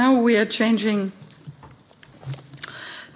Now we are changing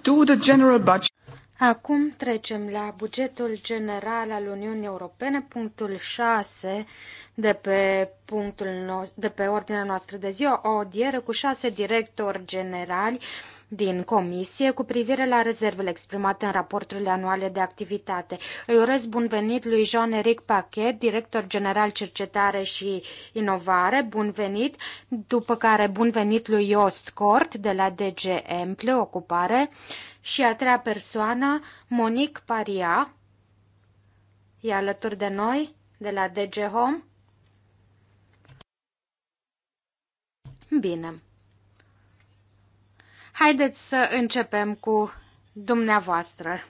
to the general budget. Acum trecem la bugetul general al Uniunii Europene, punctul 6 de pe, punctul no- de pe ordinea noastră de zi, o audiere cu șase directori generali din comisie cu privire la rezervele exprimate în raporturile anuale de activitate. Îi urez bun venit lui Jean-Éric Pachet, director general cercetare și inovare. Bun venit! După care bun venit lui Iost Cort de la DG Emple, ocupare. Și a treia persoană, Monique Paria, e alături de noi, de la DG Home. Bine. Haideți să începem cu dumneavoastră.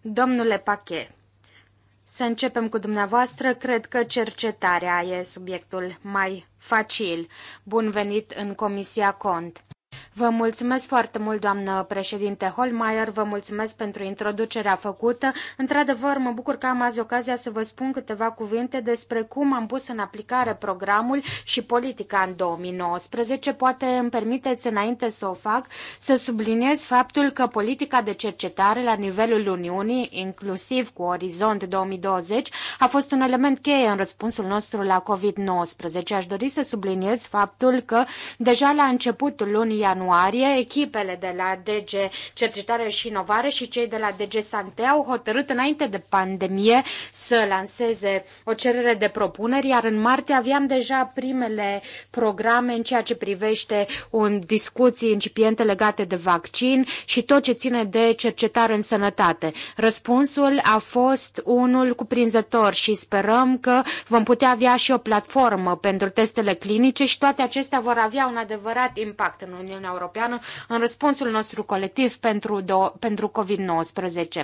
Domnule Pache, să începem cu dumneavoastră. Cred că cercetarea e subiectul mai facil. Bun venit în Comisia Cont. Vă mulțumesc foarte mult, doamnă președinte Holmeier, vă mulțumesc pentru introducerea făcută. Într-adevăr, mă bucur că am azi ocazia să vă spun câteva cuvinte despre cum am pus în aplicare programul și politica în 2019. Poate îmi permiteți, înainte să o fac, să subliniez faptul că politica de cercetare la nivelul Uniunii, inclusiv cu Orizont 2020, a fost un element cheie în răspunsul nostru la COVID-19. Aș dori să subliniez faptul că deja la începutul lunii ianuarie, echipele de la DG Cercetare și Inovare și cei de la DG Sante au hotărât înainte de pandemie să lanseze o cerere de propuneri, iar în martie aveam deja primele programe în ceea ce privește un discuții incipiente legate de vaccin și tot ce ține de cercetare în sănătate. Răspunsul a fost unul cuprinzător și sperăm că vom putea avea și o platformă pentru testele clinice și toate acestea vor avea un adevărat impact în Uniunea Uniunea Europeană în răspunsul nostru colectiv pentru, do- pentru COVID-19.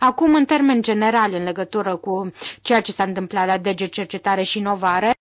Acum, în termen general, în legătură cu ceea ce s-a întâmplat la DG Cercetare și Inovare,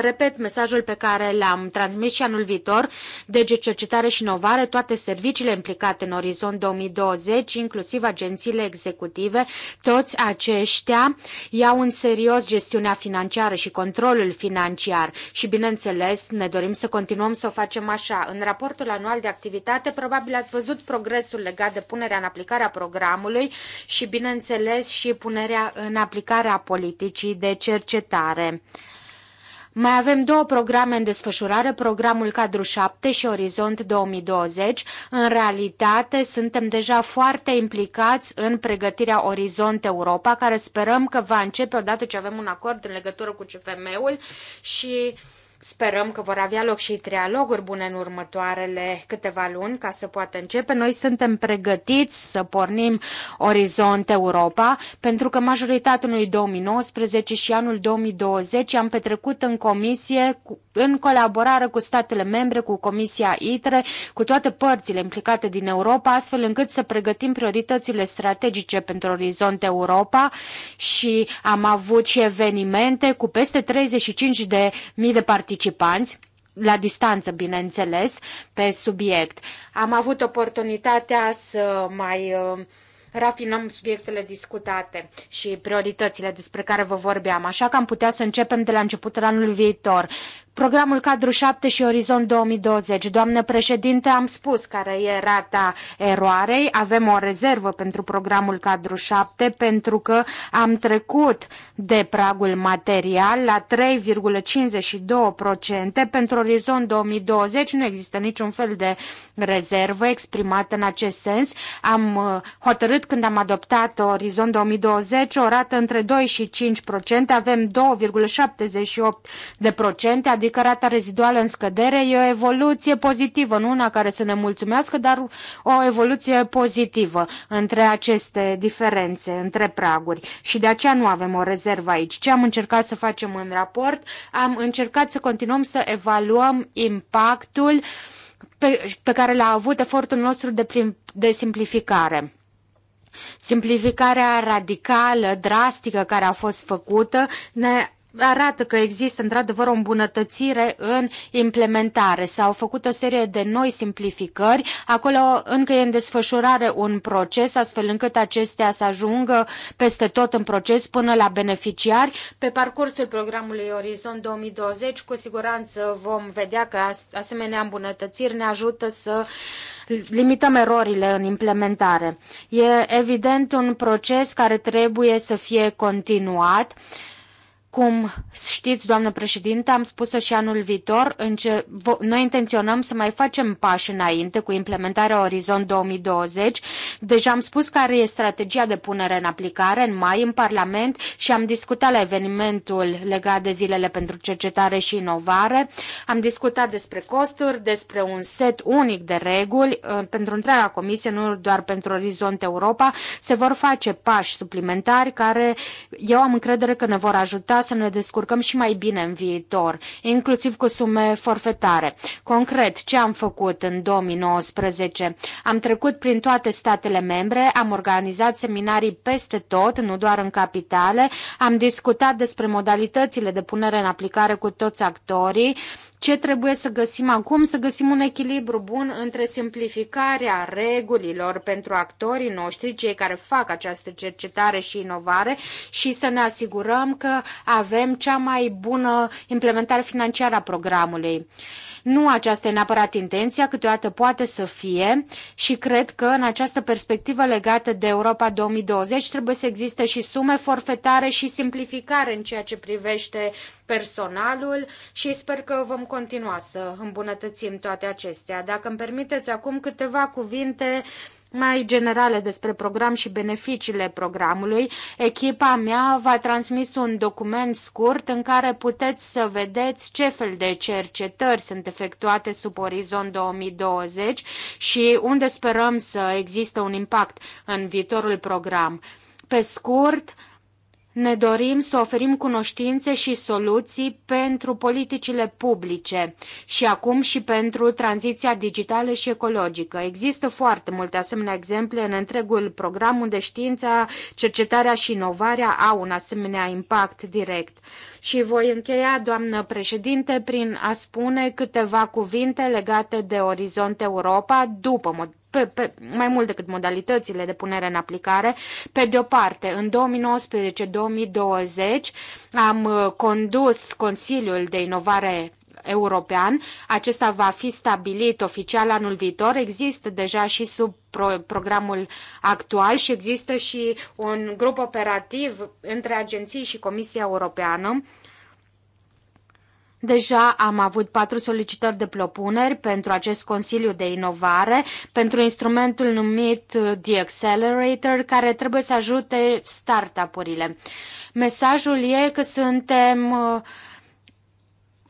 Repet mesajul pe care l-am transmis și anul viitor, DG Cercetare și Inovare, toate serviciile implicate în Orizont 2020, inclusiv agențiile executive, toți aceștia iau în serios gestiunea financiară și controlul financiar și, bineînțeles, ne dorim să continuăm să o facem așa. În raportul anual de activitate, probabil ați văzut progresul legat de punerea în aplicare a programului și, bineînțeles, și punerea în aplicare a politicii de cercetare. Mai avem două programe în desfășurare, programul Cadru 7 și Orizont 2020. În realitate, suntem deja foarte implicați în pregătirea Orizont Europa, care sperăm că va începe odată ce avem un acord în legătură cu CFM-ul și uh, Sperăm că vor avea loc și trialoguri bune în următoarele câteva luni ca să poată începe. Noi suntem pregătiți să pornim Orizont Europa pentru că majoritatea lui 2019 și anul 2020 am petrecut în comisie în colaborare cu statele membre, cu Comisia ITRE, cu toate părțile implicate din Europa, astfel încât să pregătim prioritățile strategice pentru Orizont Europa și am avut și evenimente cu peste 35 de mii de participanți participanți la distanță, bineînțeles, pe subiect. Am avut oportunitatea să mai uh, rafinăm subiectele discutate și prioritățile despre care vă vorbeam, așa că am putea să începem de la începutul anului viitor programul cadru 7 și Orizont 2020. Doamnă președinte, am spus care e rata eroarei. Avem o rezervă pentru programul cadru 7 pentru că am trecut de pragul material la 3,52%. Pentru Orizont 2020 nu există niciun fel de rezervă exprimată în acest sens. Am uh, hotărât când am adoptat Orizont 2020 o rată între 2 și 5%. Avem 2,78% adică adică rata reziduală în scădere, e o evoluție pozitivă, nu una care să ne mulțumească, dar o evoluție pozitivă între aceste diferențe, între praguri. Și de aceea nu avem o rezervă aici. Ce am încercat să facem în raport? Am încercat să continuăm să evaluăm impactul pe, pe care l-a avut efortul nostru de, prim, de simplificare. Simplificarea radicală, drastică care a fost făcută ne arată că există într-adevăr o îmbunătățire în implementare. S-au făcut o serie de noi simplificări. Acolo încă e în desfășurare un proces, astfel încât acestea să ajungă peste tot în proces până la beneficiari. Pe parcursul programului Orizont 2020, cu siguranță vom vedea că asemenea îmbunătățiri ne ajută să limităm erorile în implementare. E evident un proces care trebuie să fie continuat cum știți, doamnă președinte, am spus-o și anul viitor, înce- noi intenționăm să mai facem pași înainte cu implementarea Orizont 2020. Deja am spus care e strategia de punere în aplicare în mai în Parlament și am discutat la evenimentul legat de zilele pentru cercetare și inovare. Am discutat despre costuri, despre un set unic de reguli uh, pentru întreaga comisie, nu doar pentru Orizont Europa. Se vor face pași suplimentari care eu am încredere că ne vor ajuta să ne descurcăm și mai bine în viitor, inclusiv cu sume forfetare. Concret, ce am făcut în 2019? Am trecut prin toate statele membre, am organizat seminarii peste tot, nu doar în capitale, am discutat despre modalitățile de punere în aplicare cu toți actorii, ce trebuie să găsim acum? Să găsim un echilibru bun între simplificarea regulilor pentru actorii noștri, cei care fac această cercetare și inovare și să ne asigurăm că avem cea mai bună implementare financiară a programului. Nu aceasta e neapărat intenția, câteodată poate să fie și cred că în această perspectivă legată de Europa 2020 trebuie să existe și sume forfetare și simplificare în ceea ce privește personalul și sper că vom continua să îmbunătățim toate acestea. Dacă îmi permiteți acum câteva cuvinte uh, mai generale despre program și beneficiile programului, echipa mea v-a transmis un document scurt în care puteți să vedeți ce fel de cercetări sunt efectuate sub orizont 2020 și unde sperăm să există un impact în viitorul program. Pe scurt, ne dorim să oferim cunoștințe și soluții pentru politicile publice și acum și pentru tranziția digitală și ecologică. Există foarte multe asemenea exemple în întregul program unde știința, cercetarea și inovarea au un asemenea impact direct. Și voi încheia, doamnă președinte, prin a spune câteva cuvinte legate de Orizont Europa după pe, pe, mai mult decât modalitățile de punere în aplicare. Pe de o parte, în 2019-2020 am uh, condus Consiliul de Inovare european. Acesta va fi stabilit oficial anul viitor. Există deja și sub pro- programul actual și există și un grup operativ între agenții și Comisia Europeană Deja am avut patru solicitări de propuneri pentru acest Consiliu de Inovare, pentru instrumentul numit uh, The Accelerator, care trebuie să ajute startup-urile. Mesajul e că suntem uh,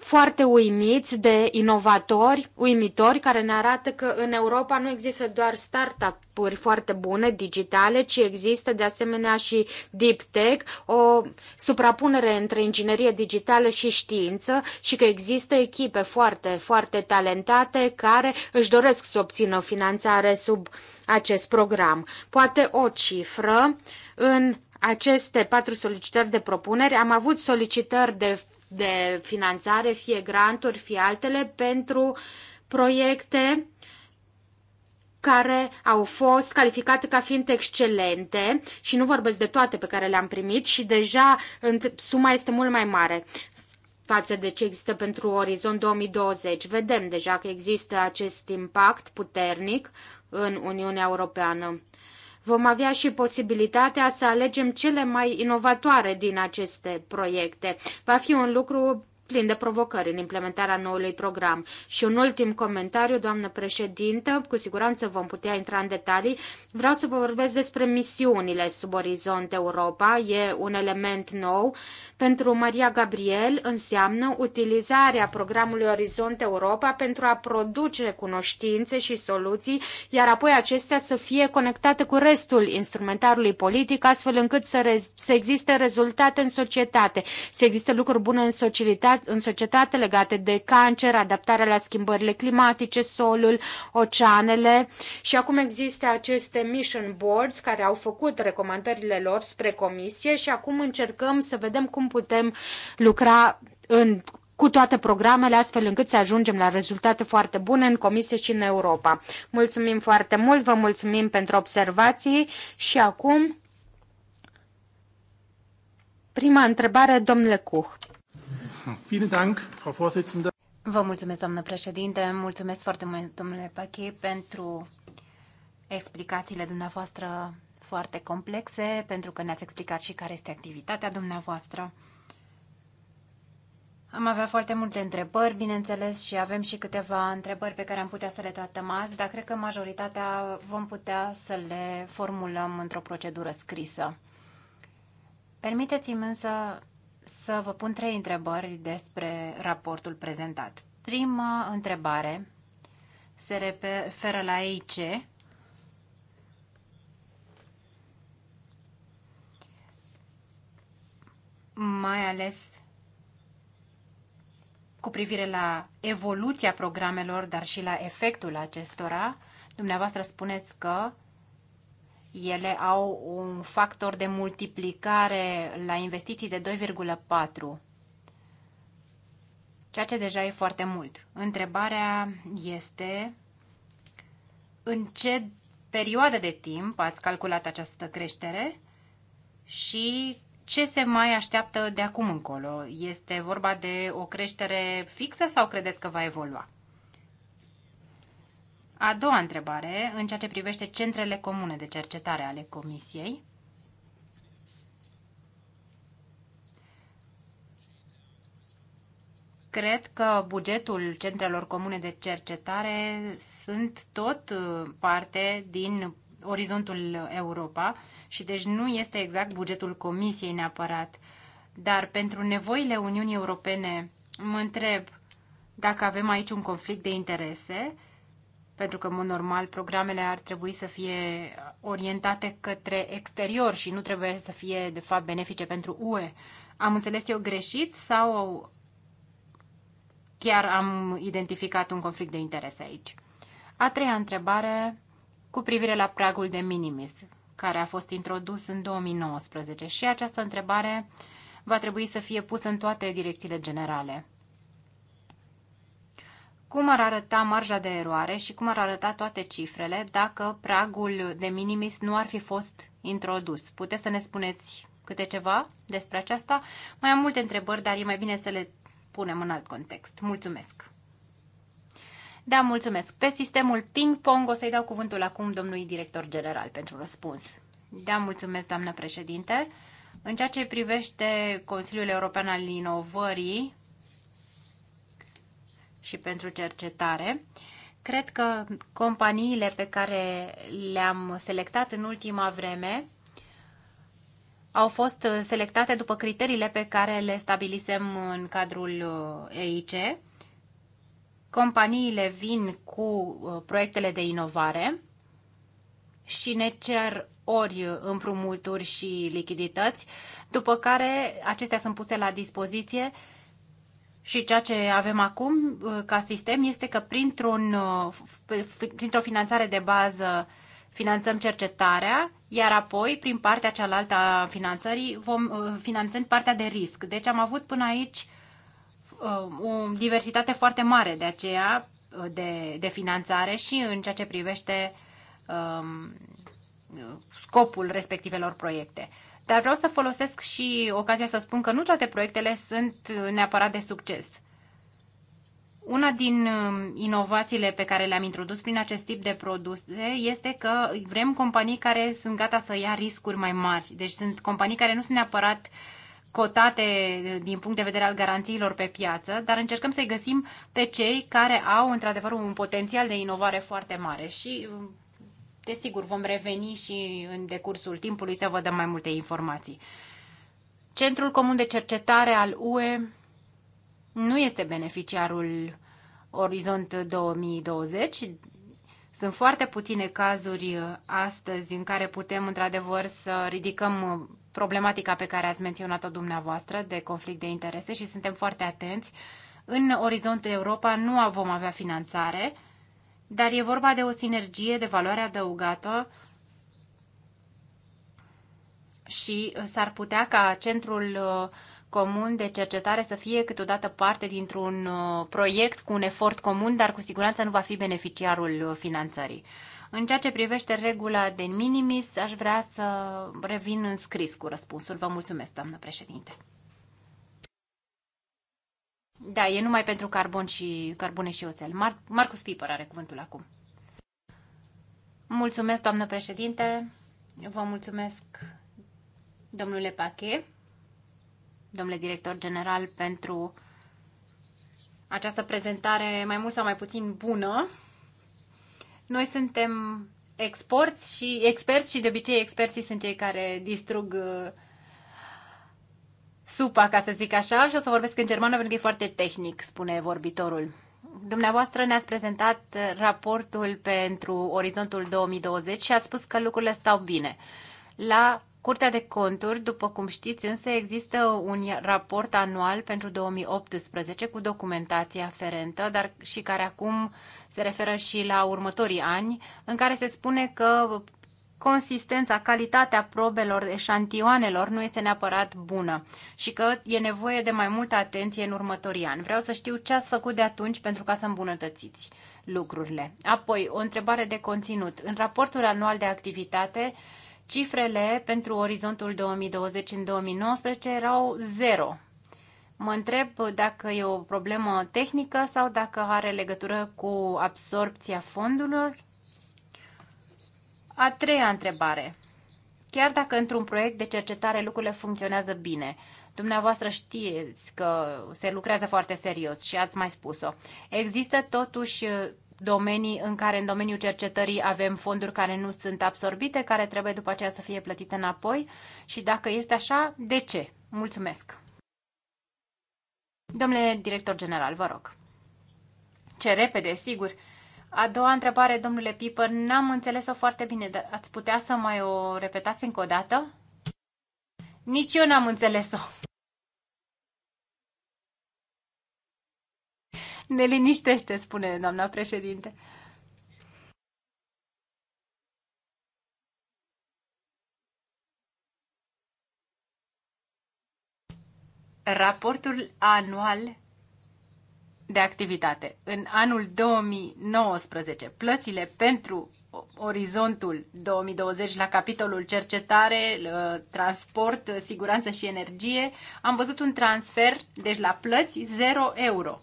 foarte uimiți de inovatori, uimitori, care ne arată că în Europa nu există doar startup-uri foarte bune, digitale, ci există de asemenea și deep tech, o suprapunere între inginerie digitală și știință și că există echipe foarte, foarte talentate care își doresc să obțină finanțare sub acest program. Poate o cifră în aceste patru solicitări de propuneri, am avut solicitări de de finanțare, fie granturi, fie altele, pentru proiecte care au fost calificate ca fiind excelente și nu vorbesc de toate pe care le-am primit și deja suma este mult mai mare față de ce există pentru Orizont 2020. Vedem deja că există acest impact puternic în Uniunea Europeană. Vom avea și posibilitatea să alegem cele mai inovatoare din aceste proiecte. Va fi un lucru plin de provocări în implementarea noului program. Și un ultim comentariu, doamnă președintă, cu siguranță vom putea intra în detalii. Vreau să vă vorbesc despre misiunile sub orizont Europa. E un element nou. Pentru Maria Gabriel înseamnă utilizarea programului Orizont Europa pentru a produce cunoștințe și soluții, iar apoi acestea să fie conectate cu restul instrumentarului politic, astfel încât să, să existe rezultate în societate, să existe lucruri bune în societate, în societate legate de cancer, adaptarea la schimbările climatice, solul, oceanele și acum există aceste mission boards care au făcut recomandările lor spre comisie și acum încercăm să vedem cum putem lucra în cu toate programele, astfel încât să ajungem la rezultate foarte bune în Comisie și în Europa. Mulțumim foarte mult, vă mulțumim pentru observații și acum prima întrebare, domnule Cuh. Vă mulțumesc, doamnă președinte, mulțumesc foarte mult, domnule Pache, pentru explicațiile dumneavoastră foarte complexe, pentru că ne-ați explicat și care este activitatea dumneavoastră. Am avea foarte multe întrebări, bineînțeles, și avem și câteva întrebări pe care am putea să le tratăm azi, dar cred că majoritatea vom putea să le formulăm într-o procedură scrisă. Permiteți-mi însă să vă pun trei întrebări despre raportul prezentat. Prima întrebare se referă la EIC. Mai ales cu privire la evoluția programelor, dar și la efectul acestora. Dumneavoastră spuneți că ele au un factor de multiplicare la investiții de 2,4, ceea ce deja e foarte mult. Întrebarea este în ce perioadă de timp ați calculat această creștere și ce se mai așteaptă de acum încolo? Este vorba de o creștere fixă sau credeți că va evolua? A doua întrebare, în ceea ce privește centrele comune de cercetare ale Comisiei, cred că bugetul centrelor comune de cercetare sunt tot uh, parte din orizontul Europa și deci nu este exact bugetul Comisiei neapărat. Dar pentru nevoile Uniunii Europene mă întreb dacă avem aici un conflict de interese pentru că, în mod normal, programele ar trebui să fie orientate către exterior și nu trebuie să fie, de fapt, benefice pentru UE. Am înțeles eu greșit sau chiar am identificat un conflict de interese aici? A treia întrebare cu privire la pragul de minimis, care a fost introdus în 2019 și această întrebare va trebui să fie pusă în toate direcțiile generale cum ar arăta marja de eroare și cum ar arăta toate cifrele dacă pragul de minimis nu ar fi fost introdus. Puteți să ne spuneți câte ceva despre aceasta? Mai am multe întrebări, dar e mai bine să le punem în alt context. Mulțumesc! Da, mulțumesc. Pe sistemul ping-pong o să-i dau cuvântul acum domnului director general pentru răspuns. Da, mulțumesc, doamnă președinte. În ceea ce privește Consiliul European al Inovării, și pentru cercetare. Cred că companiile pe care le-am selectat în ultima vreme au fost selectate după criteriile pe care le stabilisem în cadrul uh, EIC. Companiile vin cu uh, proiectele de inovare și ne cer ori împrumuturi și lichidități, după care acestea sunt puse la dispoziție și ceea ce avem acum uh, ca sistem este că printr-un, uh, printr-o finanțare de bază finanțăm cercetarea, iar apoi, prin partea cealaltă a finanțării, vom uh, finanțând partea de risc. Deci am avut până aici o diversitate foarte mare de aceea de, de finanțare și în ceea ce privește um, Uh, scopul respectivelor proiecte. Dar vreau să folosesc și ocazia să spun că nu toate proiectele sunt uh, neapărat de succes. Una din uh, inovațiile pe care le-am introdus prin acest tip de produse este că vrem companii care sunt gata să ia riscuri mai mari. Deci sunt companii care nu sunt neapărat cotate din punct de vedere al garanțiilor pe piață, dar încercăm să-i găsim pe cei care au într-adevăr un potențial de inovare foarte mare și desigur, vom reveni și în decursul timpului să vă dăm mai multe informații. Centrul Comun de Cercetare al UE nu este beneficiarul Orizont 2020. Sunt foarte puține cazuri uh, astăzi în care putem, într-adevăr, să ridicăm uh, problematica pe care ați menționat-o dumneavoastră de conflict de interese și suntem foarte atenți. În Orizont Europa nu vom avea finanțare dar e vorba de o sinergie de valoare adăugată și s-ar putea ca centrul uh, comun de cercetare să fie câteodată parte dintr-un uh, proiect cu un efort comun, dar cu siguranță nu va fi beneficiarul uh, finanțării. În ceea ce privește regula de minimis, aș vrea să revin în scris cu răspunsul. Vă mulțumesc, doamnă președinte. Da, e numai pentru carbon și carbone și oțel. Mar- Marcus Piper are cuvântul acum. Mulțumesc, doamnă președinte. Vă mulțumesc, domnule Pache, domnule director general, pentru această prezentare mai mult sau mai puțin bună. Noi suntem exporți și experți și de obicei experții sunt cei care distrug uh, supa, ca să zic așa, și o să vorbesc în germană pentru că e foarte tehnic, spune vorbitorul. Dumneavoastră ne-ați prezentat raportul pentru Orizontul 2020 și ați spus că lucrurile stau bine. La Curtea de Conturi, după cum știți, însă există un raport anual pentru 2018 cu documentație aferentă, dar și care acum se referă și la următorii ani, în care se spune că consistența, calitatea probelor, eșantioanelor nu este neapărat bună și că e nevoie de mai multă atenție în următorii ani. Vreau să știu ce ați făcut de atunci pentru ca să îmbunătățiți lucrurile. Apoi, o întrebare de conținut. În raportul anual de activitate, cifrele pentru orizontul 2020 în 2019 erau zero. Mă întreb dacă e o problemă tehnică sau dacă are legătură cu absorpția fondurilor a treia întrebare. Chiar dacă într-un proiect de cercetare lucrurile funcționează bine, dumneavoastră știți că se lucrează foarte serios și ați mai spus-o, există totuși uh, domenii în care în domeniul cercetării avem fonduri care nu sunt absorbite, care trebuie după aceea să fie plătite înapoi și dacă este așa, de ce? Mulțumesc! Domnule director general, vă rog. Ce repede, sigur. A doua întrebare, domnule Piper, n-am înțeles-o foarte bine, dar ați putea să mai o repetați încă o dată? Nici eu n-am înțeles-o. Ne liniștește, spune doamna președinte. Raportul anual de activitate. În anul 2019, plățile pentru orizontul 2020 la capitolul cercetare, transport, siguranță și energie, am văzut un transfer, deci la plăți, 0 euro.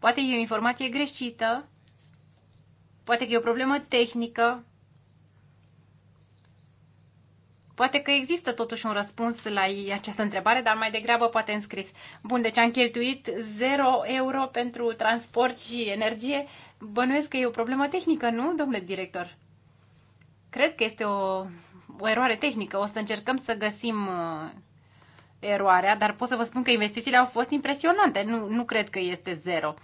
Poate e o informație greșită, poate că e o problemă tehnică, Poate că există totuși un răspuns la această întrebare, dar mai degrabă poate înscris. Bun, deci am cheltuit 0 euro pentru transport și energie. Bănuiesc că e o problemă tehnică, nu, domnule director? Cred că este o, o eroare tehnică. O să încercăm să găsim uh, eroarea, dar pot să vă spun că investițiile au fost impresionante. Nu, nu cred că este zero.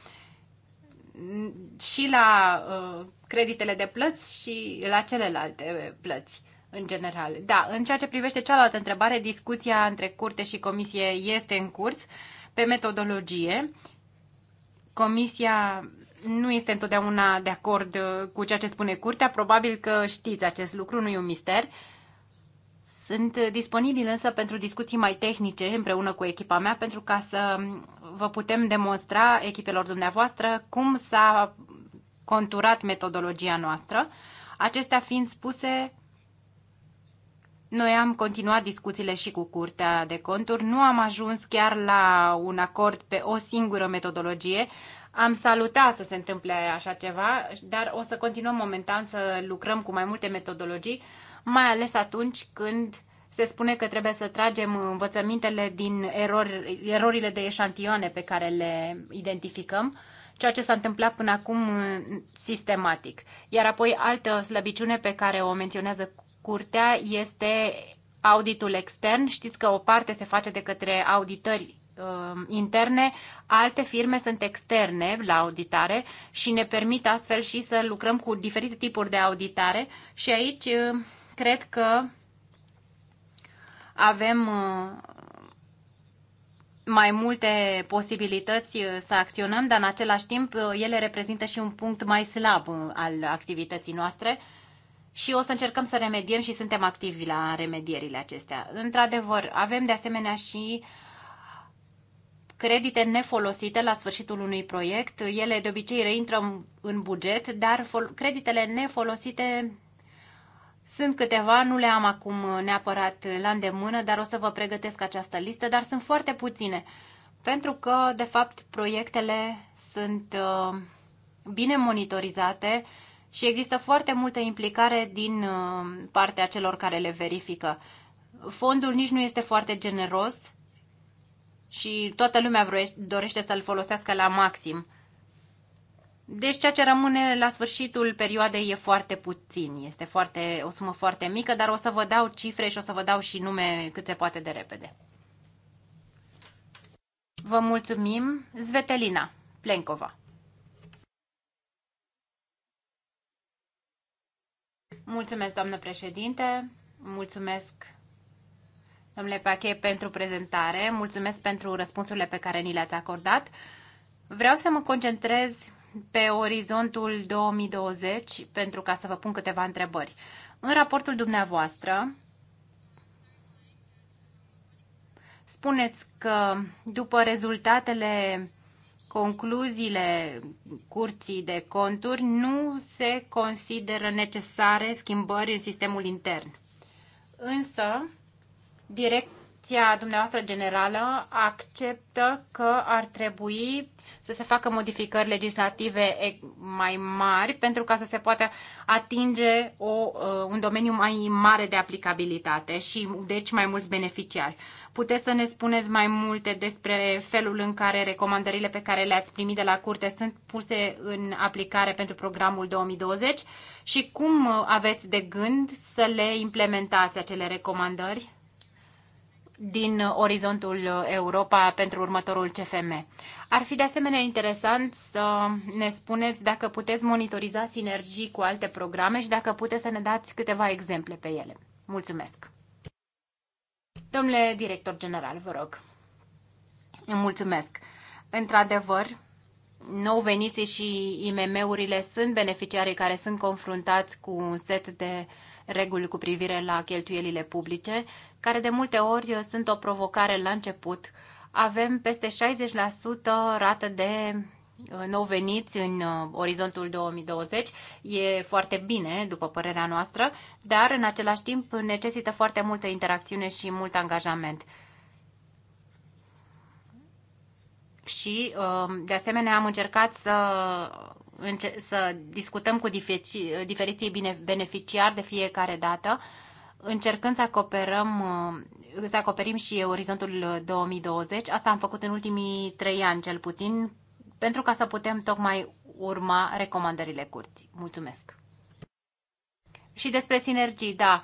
Și la uh, creditele de plăți și la celelalte uh, plăți în general. Da, în ceea ce privește cealaltă întrebare, discuția între curte și comisie este în curs pe metodologie. Comisia nu este întotdeauna de acord uh, cu ceea ce spune curtea, probabil că știți acest lucru, nu e un mister. Sunt disponibil însă pentru discuții mai tehnice împreună cu echipa mea pentru ca să um, vă putem demonstra echipelor dumneavoastră cum s-a conturat metodologia noastră. Acestea fiind spuse, noi am continuat discuțiile și cu Curtea de Conturi. Nu am ajuns chiar la un acord pe o singură metodologie. Am salutat să se întâmple așa ceva, dar o să continuăm momentan să lucrăm cu mai multe metodologii, mai ales atunci când se spune că trebuie să tragem învățămintele din erori, erorile de eșantioane pe care le identificăm, ceea ce s-a întâmplat până acum mm, sistematic. Iar apoi altă slăbiciune pe care o menționează Curtea este auditul extern. Știți că o parte se face de către auditări um, interne, alte firme sunt externe la auditare și ne permit astfel și să lucrăm cu diferite tipuri de auditare și aici um, cred că avem um, mai multe posibilități uh, să acționăm, dar în același timp uh, ele reprezintă și un punct mai slab uh, al activității noastre și o să încercăm să remediem și suntem activi la remedierile acestea. Într-adevăr, avem de asemenea și credite nefolosite la sfârșitul unui proiect. Ele de obicei reintră în buget, dar creditele nefolosite sunt câteva, nu le am acum neapărat la îndemână, dar o să vă pregătesc această listă, dar sunt foarte puține, pentru că, de fapt, proiectele sunt uh, bine monitorizate, și există foarte multă implicare din uh, partea celor care le verifică. Fondul nici nu este foarte generos și toată lumea dorește să-l folosească la maxim. Deci ceea ce rămâne la sfârșitul perioadei e foarte puțin, este foarte, o sumă foarte mică, dar o să vă dau cifre și o să vă dau și nume cât se poate de repede. Vă mulțumim, Zvetelina Plenkova. Mulțumesc, doamnă președinte, mulțumesc, domnule Pache, pentru prezentare, mulțumesc pentru răspunsurile pe care ni le-ați acordat. Vreau să mă concentrez pe orizontul 2020 pentru ca să vă pun câteva întrebări. În raportul dumneavoastră spuneți că după rezultatele concluziile curții de conturi nu se consideră necesare schimbări în sistemul intern. Însă, direcția dumneavoastră generală acceptă că ar trebui să se facă modificări legislative mai mari pentru ca să se poată atinge o, uh, un domeniu mai mare de aplicabilitate și deci mai mulți beneficiari. Puteți să ne spuneți mai multe despre felul în care recomandările pe care le-ați primit de la curte sunt puse în aplicare pentru programul 2020 și cum uh, aveți de gând să le implementați acele recomandări? din uh, orizontul Europa pentru următorul CFM. Ar fi de asemenea interesant să ne spuneți dacă puteți monitoriza sinergii cu alte programe și dacă puteți să ne dați câteva exemple pe ele. Mulțumesc! Domnule director general, vă rog. Îmi mulțumesc. Într-adevăr, nou veniții și IMM-urile sunt beneficiarii care sunt confruntați cu un set de reguli cu privire la cheltuielile publice, care de multe ori sunt o provocare la început avem peste 60% rată de uh, nou veniți în uh, orizontul 2020. E foarte bine, după părerea noastră, dar în același timp necesită foarte multă interacțiune și mult angajament. Și, um, de asemenea, am încercat să, să discutăm cu uh, diferiții beneficiari de fiecare dată încercând să acoperăm uh, să acoperim și orizontul 2020. Uh, asta am făcut în ultimii trei ani, cel puțin, pentru ca să putem tocmai urma recomandările curții. Mulțumesc! Și despre sinergii, da,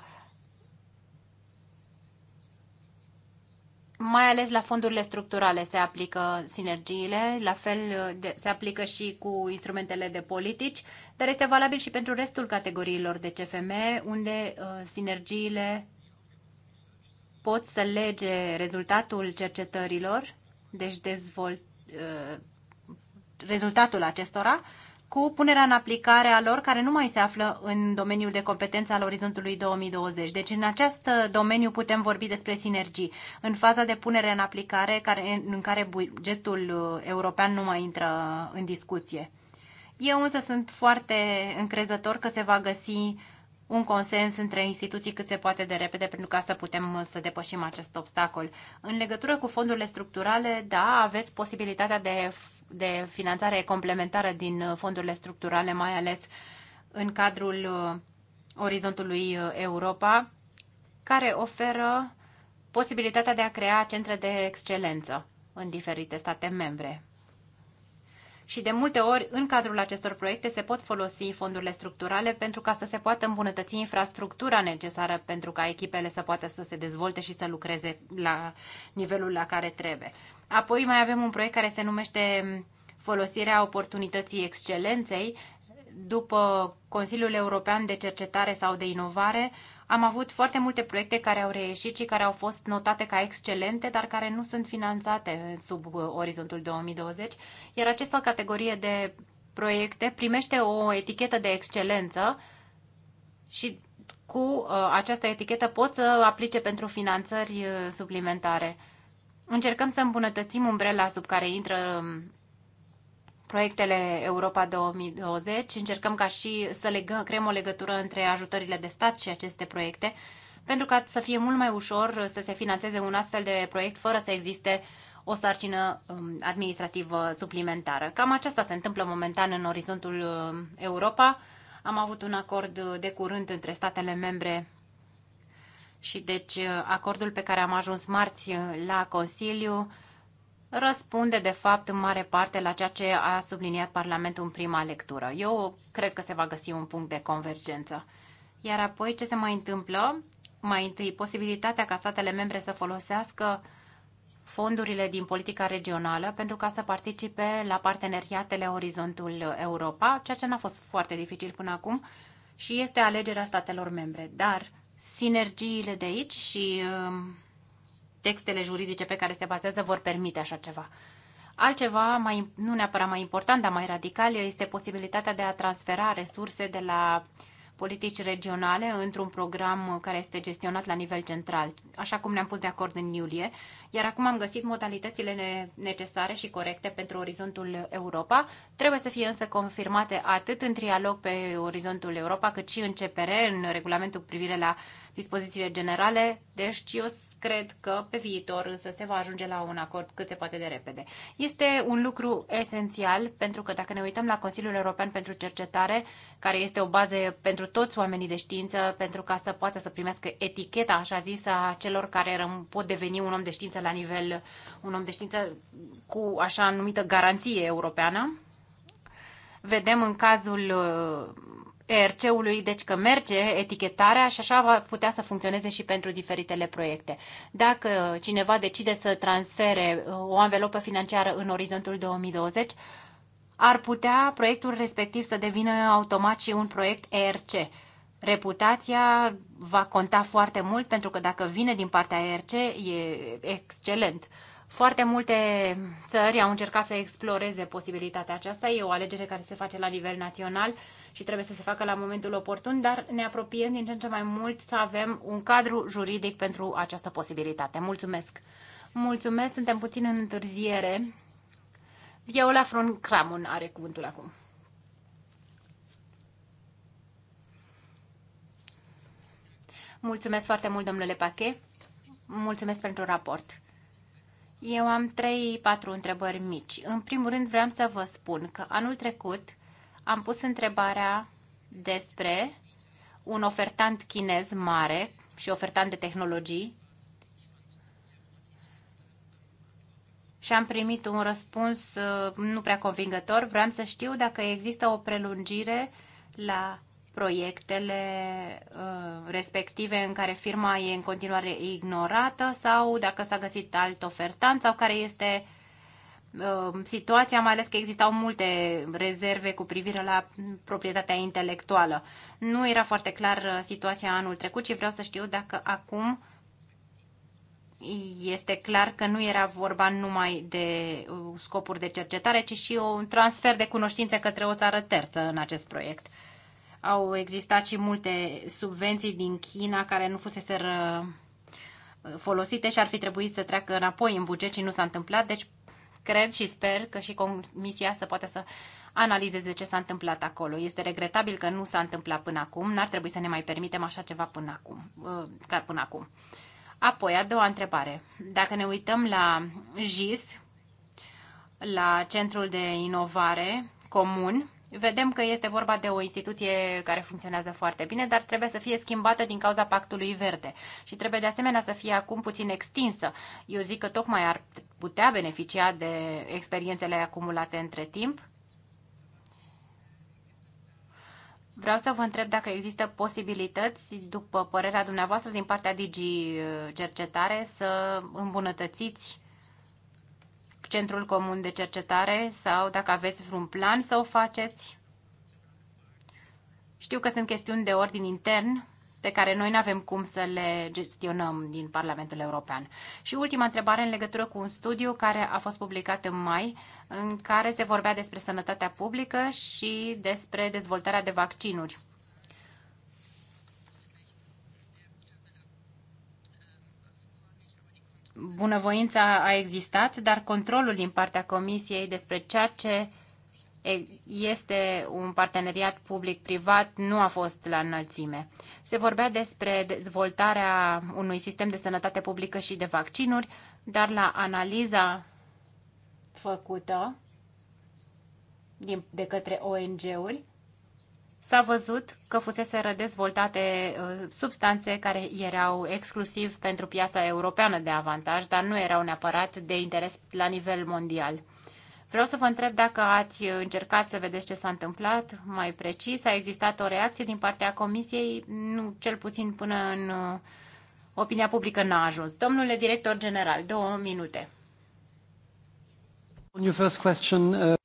mai ales la fondurile structurale se aplică sinergiile, la fel uh, se aplică și cu instrumentele de politici, dar este valabil și pentru restul categoriilor de CFM, unde uh, sinergiile pot să lege rezultatul cercetărilor, deci dezvolt, uh, rezultatul acestora, cu punerea în aplicare a lor care nu mai se află în domeniul de competență al orizontului 2020. Deci în acest uh, domeniu putem vorbi despre sinergii. În faza de punere în aplicare care, în care bugetul uh, european nu mai intră în discuție. Eu însă sunt foarte încrezător că se va găsi un consens între instituții cât se poate de repede pentru ca să putem uh, să depășim acest obstacol. În legătură cu fondurile structurale, da, aveți posibilitatea de, de finanțare complementară din uh, fondurile structurale, mai ales în cadrul uh, orizontului Europa, care oferă posibilitatea de a crea centre de excelență în diferite state membre și de multe ori în cadrul acestor proiecte se pot folosi fondurile structurale pentru ca să se poată îmbunătăți infrastructura necesară pentru ca echipele să poată să se dezvolte și să lucreze la nivelul la care trebuie. Apoi mai avem un proiect care se numește folosirea oportunității excelenței după Consiliul European de Cercetare sau de Inovare, am avut foarte multe proiecte care au reieșit și care au fost notate ca excelente, dar care nu sunt finanțate sub uh, orizontul 2020, iar această categorie de proiecte primește o etichetă de excelență și cu uh, această etichetă pot să aplice pentru finanțări uh, suplimentare. Încercăm să îmbunătățim umbrela sub care intră um, proiectele Europa 2020. Încercăm ca și să legăm, creăm o legătură între ajutările de stat și aceste proiecte, pentru ca să fie mult mai ușor să se financeze un astfel de proiect fără să existe o sarcină um, administrativă suplimentară. Cam aceasta se întâmplă momentan în orizontul um, Europa. Am avut un acord de curând între statele membre și deci uh, acordul pe care am ajuns marți uh, la Consiliu răspunde, de fapt, în mare parte la ceea ce a subliniat Parlamentul în prima lectură. Eu cred că se va găsi un punct de convergență. Iar apoi, ce se mai întâmplă? Mai întâi, posibilitatea ca statele membre să folosească fondurile din politica regională pentru ca să participe la parteneriatele Orizontul Europa, ceea ce n-a fost foarte dificil până acum și este alegerea statelor membre. Dar sinergiile de aici și um, textele juridice pe care se bazează vor permite așa ceva. Altceva, mai, nu neapărat mai important, dar mai radical, este posibilitatea de a transfera resurse de la politici regionale într-un program care este gestionat la nivel central, așa cum ne-am pus de acord în iulie, iar acum am găsit modalitățile necesare și corecte pentru orizontul Europa. Trebuie să fie însă confirmate atât în trialog pe orizontul Europa, cât și în CPR, în regulamentul cu privire la dispozițiile generale, deci eu Cred că pe viitor însă se va ajunge la un acord cât se poate de repede. Este un lucru esențial pentru că dacă ne uităm la Consiliul European pentru Cercetare, care este o bază pentru toți oamenii de știință, pentru ca să poată să primească eticheta, așa zis, a celor care pot deveni un om de știință la nivel, un om de știință cu așa numită garanție europeană, vedem în cazul ERC-ului, deci că merge etichetarea și așa va putea să funcționeze și pentru diferitele proiecte. Dacă cineva decide să transfere uh, o anvelopă financiară în orizontul 2020, ar putea proiectul respectiv să devină automat și un proiect ERC. Reputația va conta foarte mult pentru că dacă vine din partea ERC e excelent. Foarte multe țări au încercat să exploreze posibilitatea aceasta. E o alegere care se face la nivel național și trebuie să se facă la momentul oportun, dar ne apropiem din ce în ce mai mult să avem un cadru juridic pentru această posibilitate. Mulțumesc! Mulțumesc, suntem puțin în întârziere. Viola Frun Cramun are cuvântul acum. Mulțumesc foarte mult, domnule Pache. Mulțumesc pentru raport. Eu am 3-4 întrebări mici. În primul rând vreau să vă spun că anul trecut am pus întrebarea despre un ofertant chinez mare și ofertant de tehnologii și am primit un răspuns uh, nu prea convingător. Vreau să știu dacă există o prelungire la proiectele uh, respective în care firma e în continuare ignorată sau dacă s-a găsit alt ofertant sau care este uh, situația, mai ales că existau multe rezerve cu privire la proprietatea intelectuală. Nu era foarte clar uh, situația anul trecut și vreau să știu dacă acum este clar că nu era vorba numai de scopuri de cercetare, ci și un transfer de cunoștințe către o țară terță în acest proiect. Au existat și multe subvenții din China care nu fusese uh, folosite și ar fi trebuit să treacă înapoi în buget și nu s-a întâmplat. Deci cred și sper că și Comisia să poate să analizeze ce s-a întâmplat acolo. Este regretabil că nu s-a întâmplat până acum. N-ar trebui să ne mai permitem așa ceva până acum. Uh, ca până acum. Apoi, a doua întrebare. Dacă ne uităm la JIS, la Centrul de Inovare Comun, Vedem că este vorba de o instituție care funcționează foarte bine, dar trebuie să fie schimbată din cauza pactului verde și trebuie de asemenea să fie acum puțin extinsă. Eu zic că tocmai ar putea beneficia de experiențele acumulate între timp. Vreau să vă întreb dacă există posibilități, după părerea dumneavoastră, din partea Digi Cercetare, să îmbunătățiți Centrul Comun de Cercetare sau dacă aveți vreun plan să o faceți. Știu că sunt chestiuni de ordin intern pe care noi nu avem cum să le gestionăm din Parlamentul European. Și ultima întrebare în legătură cu un studiu care a fost publicat în mai, în care se vorbea despre sănătatea publică și despre dezvoltarea de vaccinuri. bunăvoința a existat, dar controlul din partea Comisiei despre ceea ce este un parteneriat public-privat nu a fost la înălțime. Se vorbea despre dezvoltarea unui sistem de sănătate publică și de vaccinuri, dar la analiza făcută de către ONG-uri, s-a văzut că fusese dezvoltate uh, substanțe care erau exclusiv pentru piața europeană de avantaj, dar nu erau neapărat de interes la nivel mondial. Vreau să vă întreb dacă ați încercat să vedeți ce s-a întâmplat mai precis. A existat o reacție din partea Comisiei, nu, cel puțin până în uh, opinia publică n-a ajuns. Domnule director general, două minute. On your first question, uh,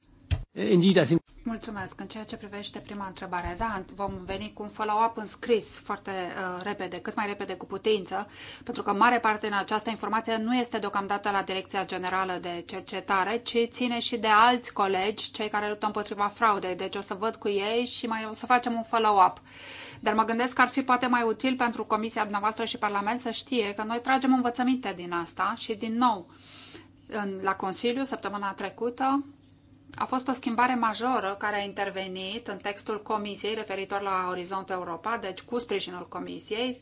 indeed, I think... Mulțumesc. În ceea ce privește prima întrebare, da, vom veni cu un follow-up în scris foarte uh, repede, cât mai repede cu putință, pentru că mare parte din această informație nu este deocamdată la Direcția Generală de Cercetare, ci ține și de alți colegi, cei care luptă împotriva fraudei. Deci o să văd cu ei și mai o să facem un follow-up. Dar mă gândesc că ar fi poate mai util pentru Comisia dumneavoastră și Parlament să știe că noi tragem învățăminte din asta și din nou în, la Consiliu săptămâna trecută a fost o schimbare majoră care a intervenit în textul Comisiei referitor la Orizont Europa, deci cu sprijinul Comisiei,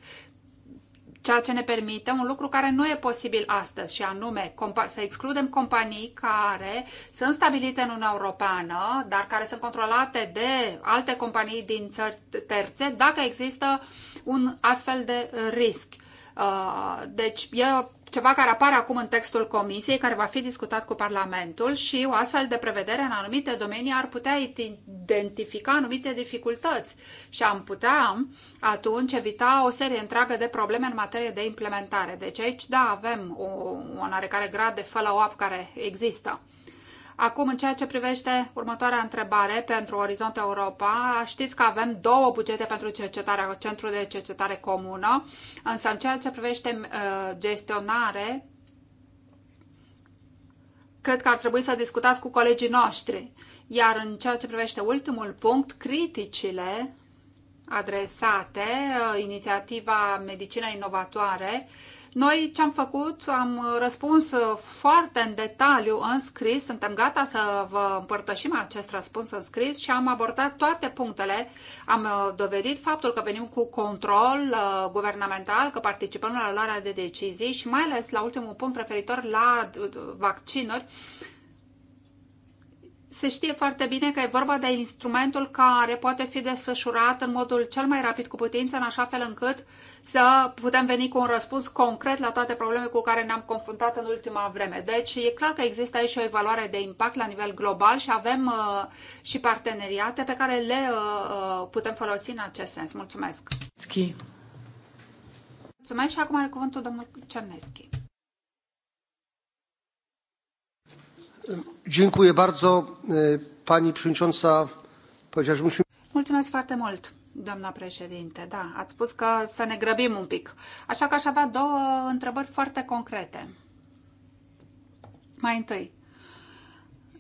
ceea ce ne permite un lucru care nu e posibil astăzi, și anume să excludem companii care sunt stabilite în Uniunea Europeană, dar care sunt controlate de alte companii din țări terțe, dacă există un astfel de risc. Uh, deci e ceva care apare acum în textul Comisiei, care va fi discutat cu Parlamentul și o astfel de prevedere în anumite domenii ar putea identifica anumite dificultăți și am putea atunci evita o serie întreagă de probleme în materie de implementare. Deci aici, da, avem o, un oarecare grad de follow-up care există. Acum, în ceea ce privește următoarea întrebare pentru Orizont Europa, știți că avem două bugete pentru cercetarea, centru de cercetare comună, însă în ceea ce privește uh, gestionare, cred că ar trebui să discutați cu colegii noștri. Iar în ceea ce privește ultimul punct, criticile adresate, uh, inițiativa Medicina Inovatoare, uh, noi ce am făcut, am răspuns foarte în detaliu în scris, suntem gata să vă împărtășim acest răspuns în scris și am abordat toate punctele. Am uh, dovedit faptul că venim cu control uh, guvernamental, că participăm la luarea de decizii și mai ales la ultimul punct referitor la uh, vaccinuri, se știe foarte bine că e vorba de instrumentul care poate fi desfășurat în modul cel mai rapid cu putință, în așa fel încât să putem veni cu un răspuns concret la toate problemele cu care ne-am confruntat în ultima vreme. Deci e clar că există aici o evaluare de impact la nivel global și avem uh, și parteneriate pe care le uh, uh putem folosi în acest sens. Mulțumesc! Schi. Mulțumesc și acum are cuvântul domnul Cerneschi. Mulțumesc foarte mult, doamna președinte. Da, ați spus că să ne grăbim un pic. Așa că aș avea două întrebări foarte concrete. Mai întâi,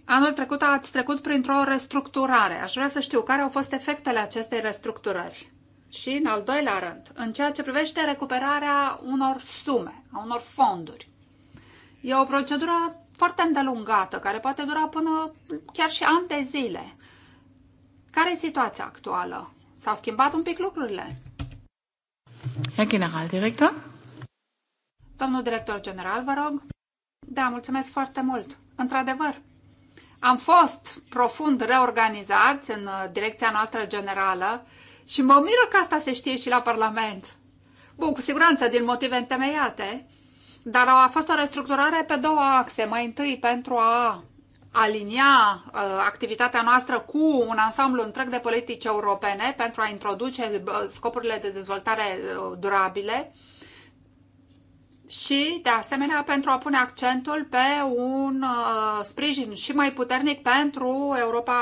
anul trecut ați trecut printr-o restructurare. Aș vrea să știu care au fost efectele acestei restructurări. Și, în al doilea rând, în ceea ce privește recuperarea unor sume, a unor fonduri. E o procedură foarte îndelungată, care poate dura până chiar și ani de zile. Care e situația actuală? S-au schimbat un pic lucrurile? Herr Director? Domnul director general, vă rog. Da, mulțumesc foarte mult. Într-adevăr, am fost profund reorganizați în uh, direcția noastră generală și mă miră că asta se știe și la Parlament. Bun, cu siguranță din motive întemeiate, dar a fost o restructurare pe două axe. Mai întâi pentru a alinia uh, activitatea noastră cu un ansamblu întreg de politici europene pentru a introduce uh, scopurile de dezvoltare uh, durabile și, de asemenea, pentru a pune accentul pe un uh, sprijin și mai puternic pentru Europa,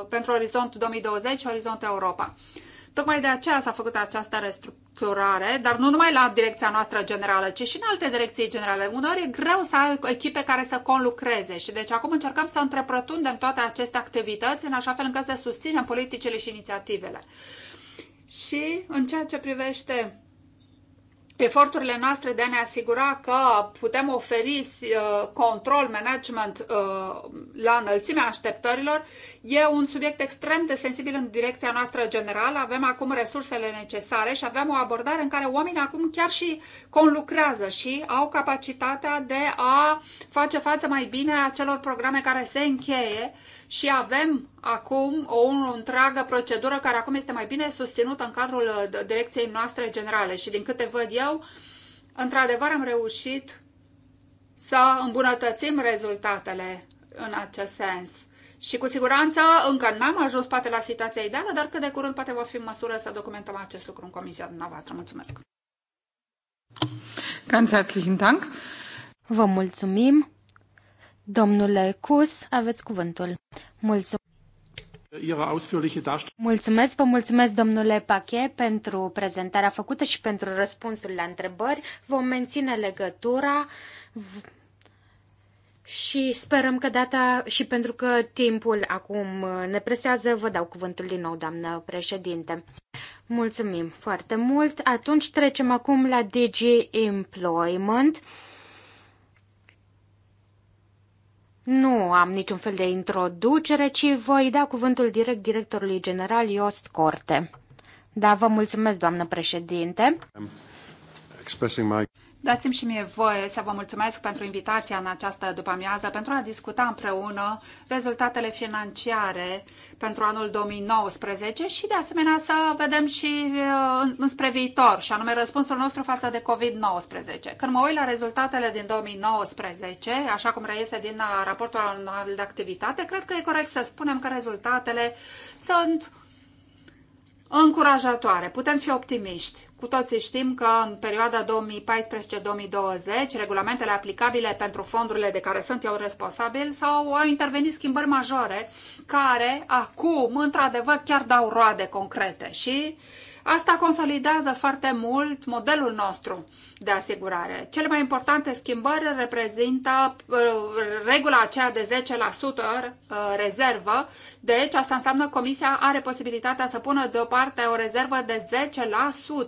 uh, pentru Orizont 2020 și Orizont Europa. Uh, Tocmai de aceea s-a făcut această restructurare, dar nu numai la direcția noastră generală, ci și în alte direcții generale. Uneori e greu să ai echipe care să conlucreze și deci acum încercăm să întreprătundem toate aceste activități în așa fel încât să susținem politicile și inițiativele. Și în ceea ce privește eforturile noastre de a ne asigura că putem oferi uh, control management uh, la înălțimea așteptărilor e un subiect extrem de sensibil în direcția noastră generală. Avem acum resursele necesare și avem o abordare în care oamenii acum chiar și conlucrează și au capacitatea de a face față mai bine acelor programe care se încheie și avem acum o întreagă procedură care acum este mai bine susținută în cadrul uh, direcției noastre generale și din câte văd eu, într-adevăr am reușit să îmbunătățim rezultatele în acest sens. Și cu siguranță încă n-am ajuns poate la situația ideală, dar cât de curând poate va fi în măsură să documentăm acest lucru în comisia dumneavoastră. Mulțumesc! Ganz herzlichen Dank! Vă mulțumim! Domnule Cus, aveți cuvântul. Mulțumesc. Mulțumesc, vă mulțumesc, domnule Pache, pentru prezentarea făcută și pentru răspunsul la întrebări. Vom menține legătura și sperăm că data și pentru că timpul acum ne presează, vă dau cuvântul din nou, doamnă președinte. Mulțumim foarte mult. Atunci trecem acum la DG Employment. Nu am niciun fel de introducere, ci voi da cuvântul direct directorului general Iost Corte. Da, vă mulțumesc, doamnă președinte. My... Dați-mi și mie voie să vă mulțumesc pentru invitația în această după-amiază pentru a discuta împreună rezultatele financiare pentru anul 2019 și de asemenea să vedem și uh, înspre viitor, și anume răspunsul nostru față de COVID-19. Când mă uit la rezultatele din 2019, așa cum reiese din uh, raportul anual de activitate, cred că e corect să spunem că rezultatele sunt încurajatoare. Putem fi optimiști. Cu toții știm că în perioada 2014-2020 regulamentele aplicabile pentru fondurile de care sunt eu responsabil sau au intervenit schimbări majore care acum, într-adevăr, chiar dau roade concrete și uh, Asta consolidează foarte mult modelul nostru de asigurare. Cele mai importante schimbări reprezintă uh, regula aceea de 10% uh, rezervă, deci asta înseamnă că Comisia are posibilitatea să pună deoparte o rezervă de 10%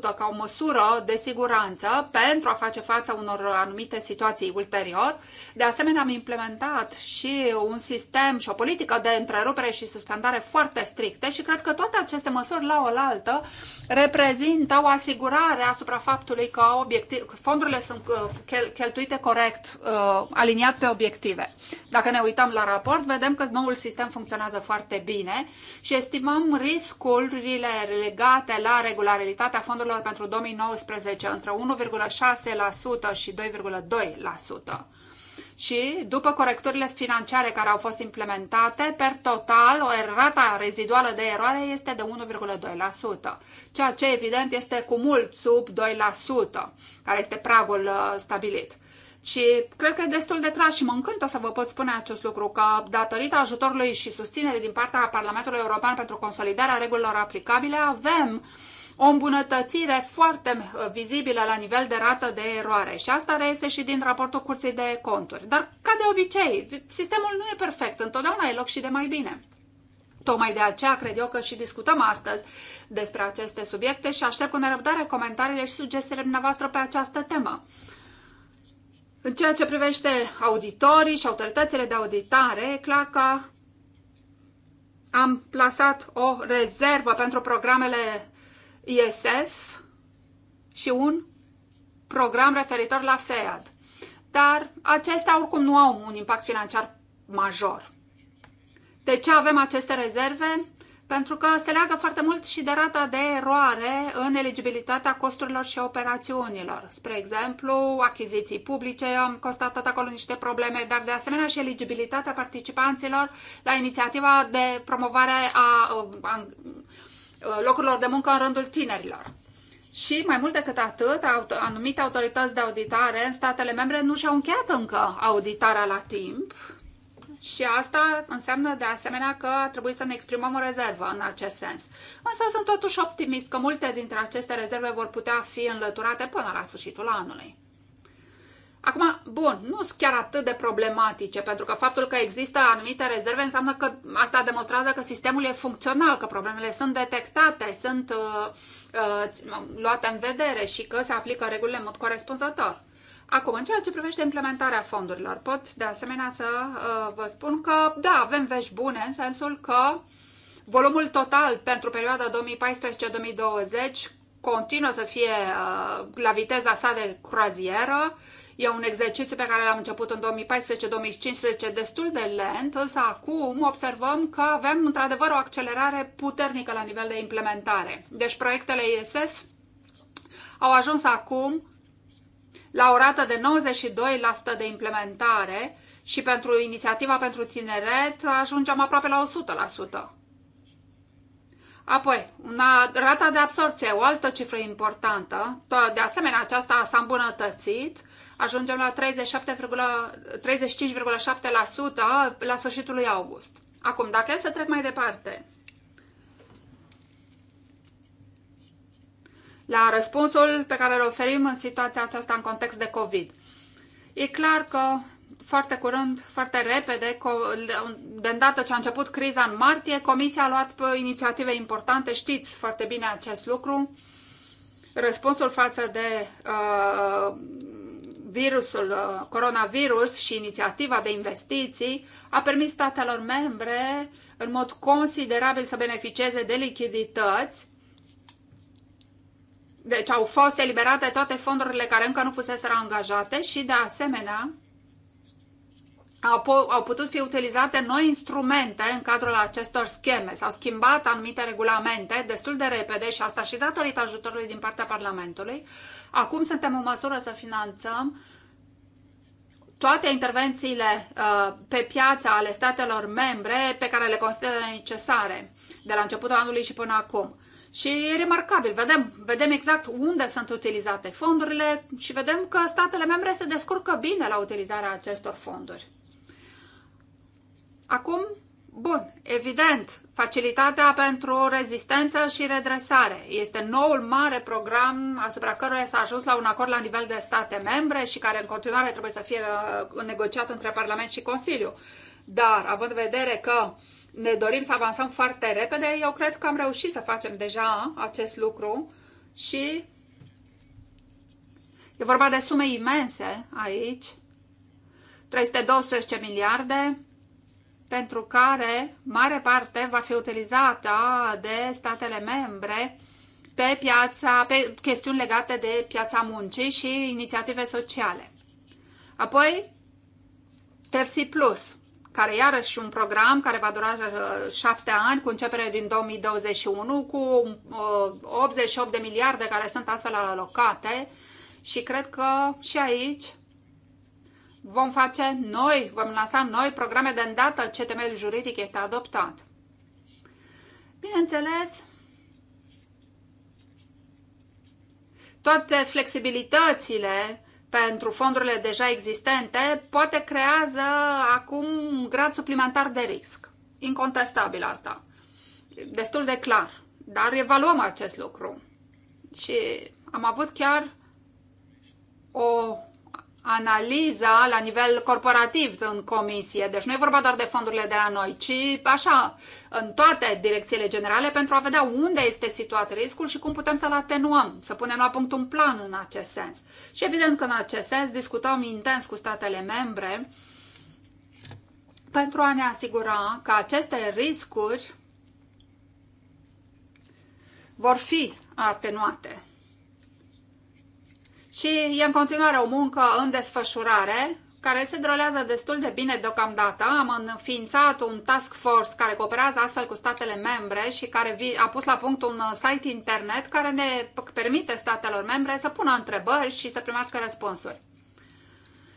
ca o măsură de siguranță pentru a face față unor anumite situații ulterior. De asemenea, am implementat și un sistem și o politică de întrerupere și suspendare foarte stricte și cred că toate aceste măsuri la oaltă reprezintă o asigurare asupra faptului că fondurile sunt uh, cheltuite corect, uh, aliniat pe obiective. Dacă ne uităm la raport, vedem că noul sistem funcționează foarte bine și estimăm riscurile legate la regularitatea fondurilor pentru 2019 între 1,6% și 2,2% și după corecturile financiare care au fost implementate, per total, o er, rata reziduală de eroare este de 1,2%, ceea ce evident este cu mult sub 2%, care este pragul uh, stabilit. Și cred că e destul de clar și mă încântă să vă pot spune acest lucru, că datorită ajutorului și susținerii din partea Parlamentului European pentru consolidarea regulilor aplicabile, avem uh, o îmbunătățire foarte uh, vizibilă la nivel de rată de eroare și asta reiese și din raportul Curții de Conturi. Dar, ca de obicei, sistemul nu e perfect, întotdeauna e loc și de mai bine. Tocmai de aceea cred eu că și discutăm astăzi despre aceste subiecte și aștept cu nerăbdare comentariile și sugestiile dumneavoastră pe această temă. În ceea ce privește auditorii și autoritățile de auditare, e clar că am plasat o rezervă pentru programele ISF și un program referitor la FEAD. Dar acestea oricum nu au un impact financiar major. De ce avem aceste rezerve? Pentru că se leagă foarte mult și de rata de eroare în eligibilitatea costurilor și operațiunilor. Spre exemplu, achiziții publice, am constatat acolo niște probleme, dar de asemenea și eligibilitatea participanților la inițiativa de promovare a, a Uh, locurilor de muncă în rândul tinerilor. Și mai mult decât atât, anumite autorități de auditare în statele membre nu și-au încheiat încă auditarea la timp și asta înseamnă de asemenea că a trebuit să ne exprimăm o rezervă în acest sens. Însă sunt totuși optimist că multe dintre aceste rezerve vor putea fi înlăturate până la sfârșitul anului. Acum, bun, nu sunt chiar atât de problematice, pentru că faptul că există anumite rezerve înseamnă că asta demonstrează că sistemul e funcțional, că problemele sunt detectate, sunt uh, uh, luate în vedere și că se aplică regulile în mod corespunzător. Acum, în ceea ce privește implementarea fondurilor, pot de asemenea să uh, vă spun că, da, avem vești bune în sensul că volumul total pentru perioada 2014-2020 continuă să fie uh, la viteza sa de croazieră. E un exercițiu pe care l-am început în 2014-2015 destul de lent, însă acum observăm că avem într-adevăr o accelerare puternică la nivel de implementare. Deci proiectele ISF au ajuns acum la o rată de 92% de implementare și pentru inițiativa pentru tineret ajungem aproape la 100%. Apoi, una, rata de absorție, o altă cifră importantă, de asemenea aceasta s-a îmbunătățit ajungem la 35,7% la sfârșitul lui august. Acum, dacă e să trec mai departe, la răspunsul pe care îl oferim în situația aceasta în context de COVID. E clar că foarte curând, foarte repede, de îndată ce a început criza în martie, Comisia a luat inițiative importante, știți foarte bine acest lucru. Răspunsul față de uh, virusul uh, coronavirus și inițiativa de investiții a permis statelor membre în mod considerabil să beneficieze de lichidități. Deci au fost eliberate toate fondurile care încă nu fusese angajate și de asemenea au, au putut fi utilizate noi instrumente în cadrul acestor scheme. S-au schimbat anumite regulamente destul de repede și asta și datorită ajutorului din partea Parlamentului. Acum suntem în măsură să finanțăm toate intervențiile uh, pe piața ale statelor membre pe care le consideră necesare de la începutul anului și până acum. Și e remarcabil, vedem, vedem exact unde sunt utilizate fondurile și vedem că statele membre se descurcă bine la utilizarea acestor fonduri. Acum, bun, evident, facilitatea pentru rezistență și redresare este noul mare program asupra căruia s-a ajuns la un acord la nivel de state membre și care în continuare trebuie să fie uh, negociat între Parlament și Consiliu. Dar, având în vedere că ne dorim să avansăm foarte repede, eu cred că am reușit să facem deja acest lucru și e vorba de sume imense aici, 312 miliarde, pentru care mare parte va fi utilizată de statele membre pe, piața, pe chestiuni legate de piața muncii și inițiative sociale. Apoi, Persi Plus, care iarăși un program care va dura uh, șapte ani, cu începere din 2021, cu 88 uh, de miliarde care sunt astfel alocate și cred că și aici vom face noi, vom lansa noi programe de îndată ce temeiul juridic este adoptat. Bineînțeles, toate flexibilitățile pentru fondurile deja existente poate creează acum un grad suplimentar de risc. Incontestabil asta. Destul de clar. Dar evaluăm acest lucru. Și am avut chiar o analiza la nivel corporativ în comisie. Deci nu e vorba doar de fondurile de la noi, ci așa, în toate direcțiile generale, pentru a vedea unde este situat riscul și cum putem să-l atenuăm, să punem la punct un plan în acest sens. Și evident că în acest sens discutăm intens cu statele membre pentru a ne asigura că aceste riscuri vor fi atenuate și e în continuare o muncă în desfășurare care se drolează destul de bine deocamdată. Am înființat un task force care cooperează astfel cu statele membre și care a pus la punct un uh, site internet care ne permite statelor membre să pună întrebări și să primească răspunsuri.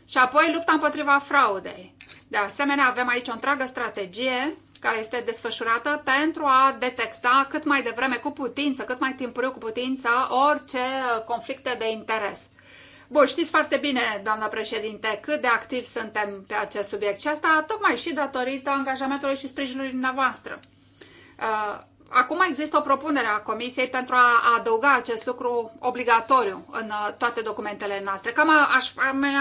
Și apoi lupta împotriva fraudei. De asemenea, avem aici o întreagă strategie care este desfășurată pentru a detecta cât mai devreme cu putință, cât mai timpuriu cu putință, orice conflicte de interes. Bun, știți foarte bine, doamnă președinte, cât de activ suntem pe acest subiect și asta tocmai și datorită angajamentului și sprijinului dumneavoastră. Uh, Acum există o propunere a Comisiei pentru a adăuga acest lucru obligatoriu în uh, toate documentele noastre. Cam aș,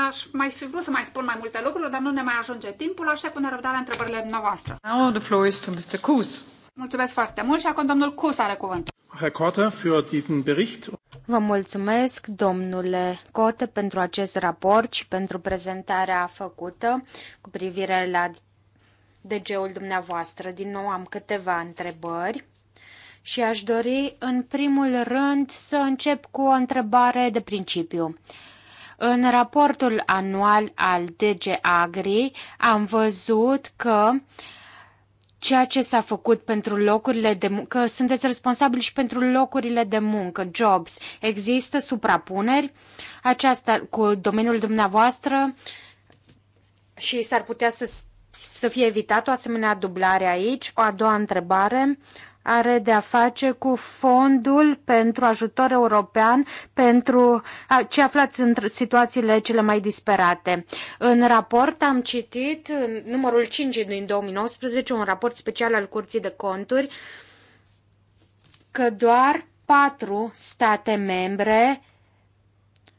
aș mai fi vrut să mai spun mai multe lucruri, dar nu ne mai ajunge timpul, așa cu nerăbdare întrebările dumneavoastră. Now the floor is to Mr. Kuz. Mulțumesc foarte mult și acum domnul Kuz are cuvântul. Herr Korte, für diesen Bericht. Vă mulțumesc, domnule Cote, pentru acest raport și pentru prezentarea făcută cu privire la DG-ul dumneavoastră. Din nou am câteva întrebări și aș dori în primul rând să încep cu o întrebare de principiu. În raportul anual al DG Agri am văzut că ceea ce s-a făcut pentru locurile de muncă, că sunteți responsabili și pentru locurile de muncă, jobs. Există suprapuneri aceasta cu domeniul dumneavoastră și s-ar putea să, să fie evitat o asemenea dublare aici. O a doua întrebare, are de a face cu fondul pentru ajutor european pentru ce aflați în situațiile cele mai disperate. În raport am citit numărul 5 din 2019, un raport special al Curții de Conturi, că doar patru state membre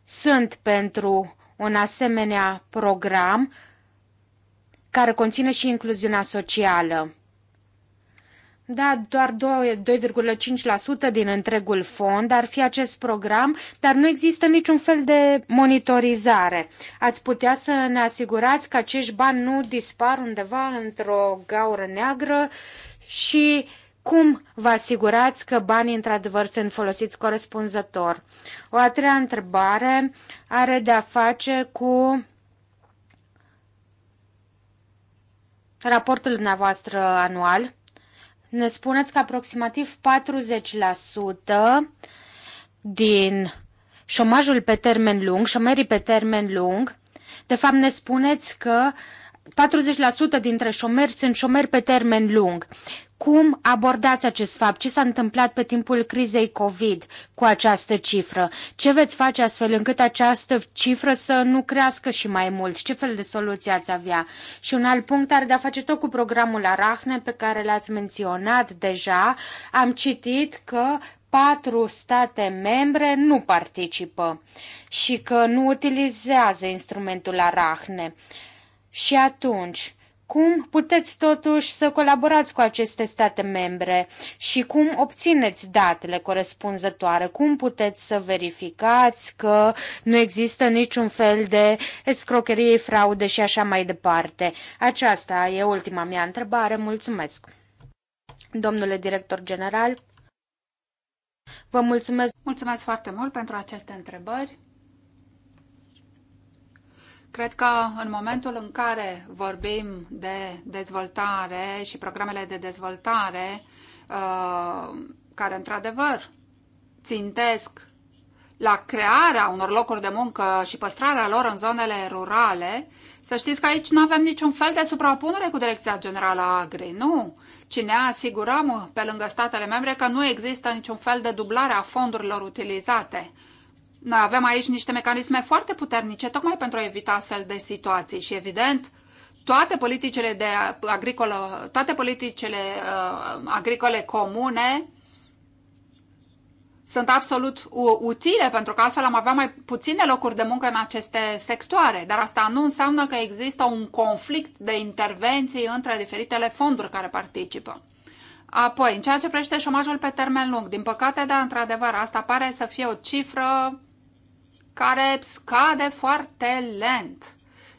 sunt pentru un asemenea program care conține și incluziunea socială. Da, doar 2,5% din întregul fond ar fi acest program, dar nu există niciun fel de monitorizare. Ați putea să ne asigurați că acești bani nu dispar undeva într-o gaură neagră și cum vă asigurați că banii într-adevăr sunt folosiți corespunzător? O a treia întrebare are de a face cu raportul dumneavoastră anual ne spuneți că aproximativ 40% din șomajul pe termen lung, șomerii pe termen lung, de fapt ne spuneți că 40% dintre șomeri sunt șomeri pe termen lung cum abordați acest fapt? Ce s-a întâmplat pe timpul crizei COVID cu această cifră? Ce veți face astfel încât această cifră să nu crească și mai mult? Ce fel de soluții ați avea? Și un alt punct are de-a face tot cu programul Arahne pe care l-ați menționat deja. Am citit că patru state membre nu participă și că nu utilizează instrumentul Arahne. Și atunci, cum puteți totuși să colaborați cu aceste state membre și cum obțineți datele corespunzătoare, cum puteți să verificați că nu există niciun fel de escrocherie, fraude și așa mai departe. Aceasta e ultima mea întrebare. Mulțumesc. Domnule director general, vă mulțumesc. Mulțumesc foarte mult pentru aceste întrebări. Cred că în momentul în care vorbim de dezvoltare și programele de dezvoltare, uh, care într-adevăr țintesc la crearea unor locuri de muncă și păstrarea lor în zonele rurale, să știți că aici nu avem niciun fel de suprapunere cu Direcția Generală a Agri, nu, ci ne asigurăm pe lângă statele membre că nu există niciun fel de dublare a fondurilor utilizate. Noi avem aici niște mecanisme foarte puternice tocmai pentru a evita astfel de situații și evident toate politicile de agricolă, toate politicile uh, agricole comune sunt absolut utile, pentru că altfel am avea mai puține locuri de muncă în aceste sectoare. Dar asta nu înseamnă că există un conflict de intervenții între diferitele fonduri care participă. Apoi, în ceea ce privește șomajul pe termen lung, din păcate, da, într-adevăr, asta pare să fie o cifră care scade foarte lent.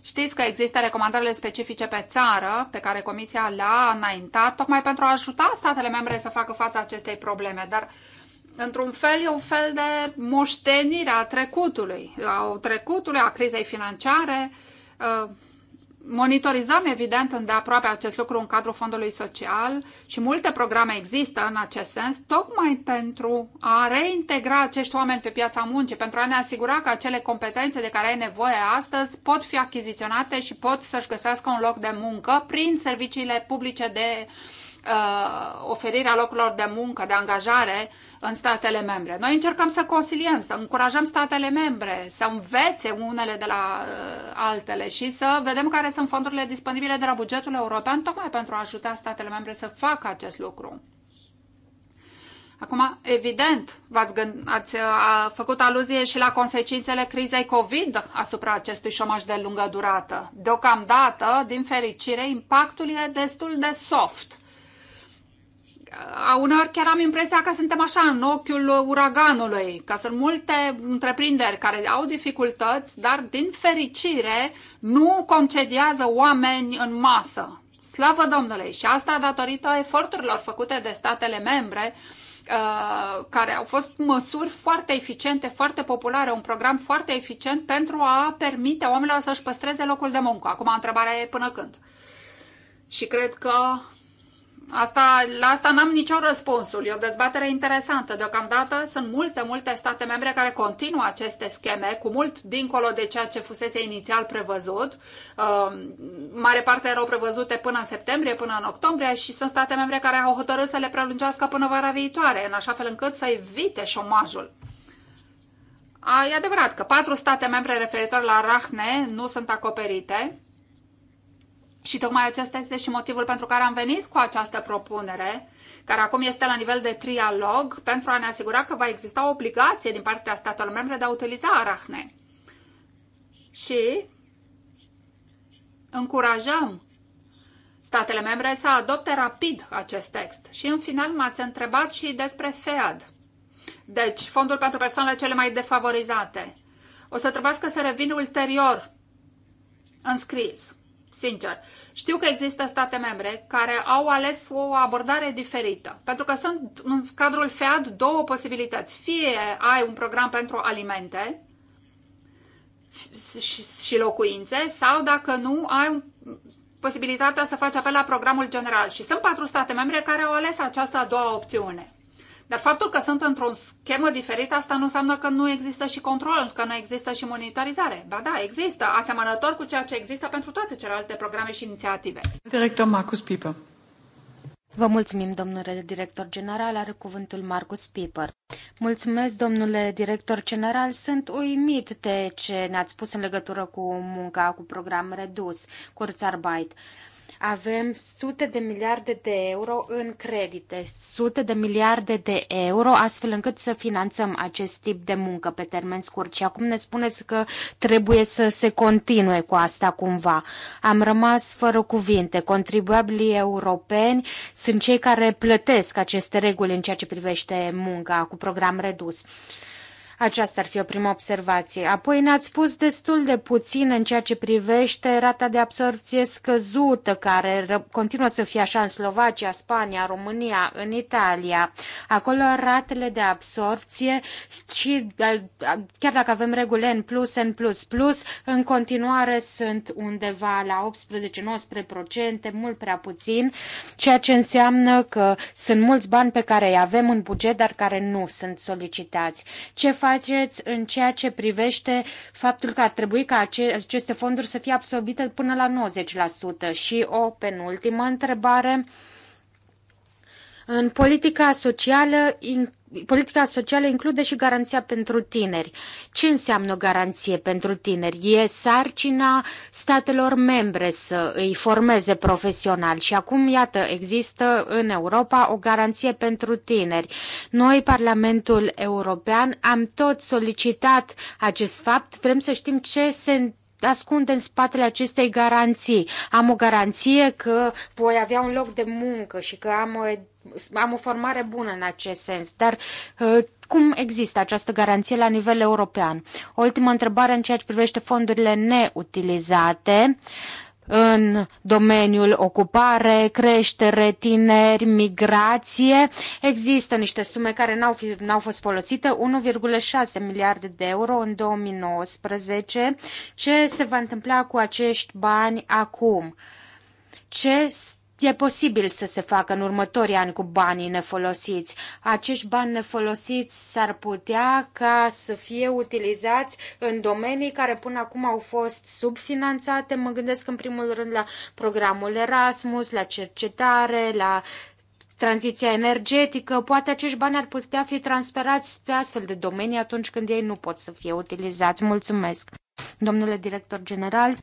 Știți că există recomandările specifice pe țară pe care Comisia le-a înaintat tocmai pentru a ajuta statele membre să facă față acestei probleme, dar într-un fel e un fel de moștenire a trecutului, a trecutului, a crizei financiare, uh, monitorizăm evident îndeaproape acest lucru în cadrul fondului social și multe programe există în acest sens, tocmai pentru a reintegra acești oameni pe piața muncii, pentru a ne asigura că acele competențe de care ai nevoie astăzi pot fi achiziționate și pot să-și găsească un loc de muncă prin serviciile publice de uh, Uh, oferirea locurilor de muncă, de angajare în statele membre. Noi încercăm să consiliem, să încurajăm statele membre, să învețe unele de la uh, altele și să vedem care sunt fondurile disponibile de la bugetul european, tocmai pentru a ajuta statele membre să facă acest lucru. Acum, evident, v-ați gând, ați uh, a făcut aluzie și la consecințele crizei COVID asupra acestui șomaj de lungă durată. Deocamdată, din fericire, impactul e destul de soft uneori chiar am impresia că suntem așa în ochiul uraganului, că sunt multe întreprinderi care au dificultăți, dar din fericire nu concediază oameni în masă. Slavă Domnului! Și asta datorită eforturilor făcute de statele membre, uh, care au fost măsuri foarte eficiente, foarte populare, un program foarte eficient pentru a permite oamenilor să-și păstreze locul de muncă. Acum, întrebarea e până când. Și cred că Asta, la asta n-am niciun răspunsul. E o dezbatere interesantă. Deocamdată sunt multe, multe state membre care continuă aceste scheme, cu mult dincolo de ceea ce fusese inițial prevăzut. Uh, mare parte erau prevăzute până în septembrie, până în octombrie și sunt state membre care au hotărât să le prelungească până vara viitoare, în așa fel încât să evite șomajul. A, e adevărat că patru state membre referitor la Rahne nu sunt acoperite și tocmai acesta este și motivul pentru care am venit cu această propunere, care acum este la nivel de trialog, pentru a ne asigura că va exista o obligație din partea statelor membre de a utiliza arahne. Și încurajăm statele membre să adopte rapid acest text. Și în final m-ați întrebat și despre FEAD. Deci, fondul pentru persoanele cele mai defavorizate. O să trebuiască să revin ulterior în scris sincer. Știu că există state membre care au ales o abordare diferită, pentru că sunt în cadrul FEAD două posibilități. Fie ai un program pentru alimente și locuințe, sau dacă nu, ai posibilitatea să faci apel la programul general. Și sunt patru state membre care au ales această a doua opțiune. Dar faptul că sunt într-o schemă diferită, asta nu înseamnă că nu există și control, că nu există și monitorizare. Ba da, există, asemănător cu ceea ce există pentru toate celelalte programe și inițiative. Director Marcus Piper. Vă mulțumim, domnule director general, are cuvântul Marcus Piper. Mulțumesc, domnule director general, sunt uimit de ce ne-ați spus în legătură cu munca cu program redus, Kurzarbeit. Cu avem sute de miliarde de euro în credite, sute de miliarde de euro, astfel încât să finanțăm acest tip de muncă pe termen scurt. Și acum ne spuneți că trebuie să se continue cu asta cumva. Am rămas fără cuvinte. Contribuabilii europeni sunt cei care plătesc aceste reguli în ceea ce privește munca cu program redus. Uh, aceasta ar fi o primă observație. Apoi ne-ați spus destul de puțin în ceea ce privește rata de absorpție scăzută, care continuă să fie așa în Slovacia, Spania, România, în Italia. Acolo ratele de absorbție, și chiar dacă avem regulă N+, N++, în continuare sunt undeva la 18-19%, mult prea puțin, ceea ce înseamnă că sunt mulți bani pe care îi avem în buget, dar care nu sunt solicitați. Ce fac faceți în ceea ce privește faptul că ar trebui ca aceste fonduri să fie absorbite până la 90%? Și o penultimă întrebare. În politica socială, politica socială include și garanția pentru tineri. Ce înseamnă garanție pentru tineri? E sarcina statelor membre să îi formeze profesional și acum, iată, există în Europa o garanție pentru tineri. Noi, Parlamentul European, am tot solicitat acest fapt. Vrem să știm ce se întâmplă ascunde în spatele acestei garanții. Am o garanție că voi avea un loc de muncă și că am o, am o formare bună în acest sens, dar uh, cum există această garanție la nivel european? O ultimă întrebare în ceea ce privește fondurile neutilizate. Uh, în domeniul ocupare, creștere, tineri, migrație. Există niște sume care n-au, fi, n-au fost folosite, 1,6 miliarde de euro în 2019. Ce se va întâmpla cu acești bani acum? Ce E posibil să se facă în următorii ani cu banii nefolosiți. Acești bani nefolosiți s-ar putea ca să fie utilizați în domenii care până acum au fost subfinanțate. Mă gândesc în primul rând la programul Erasmus, la cercetare, la tranziția energetică. Poate acești bani ar putea fi transferați spre astfel de domenii atunci când ei nu pot să fie utilizați. Mulțumesc! Domnule director general,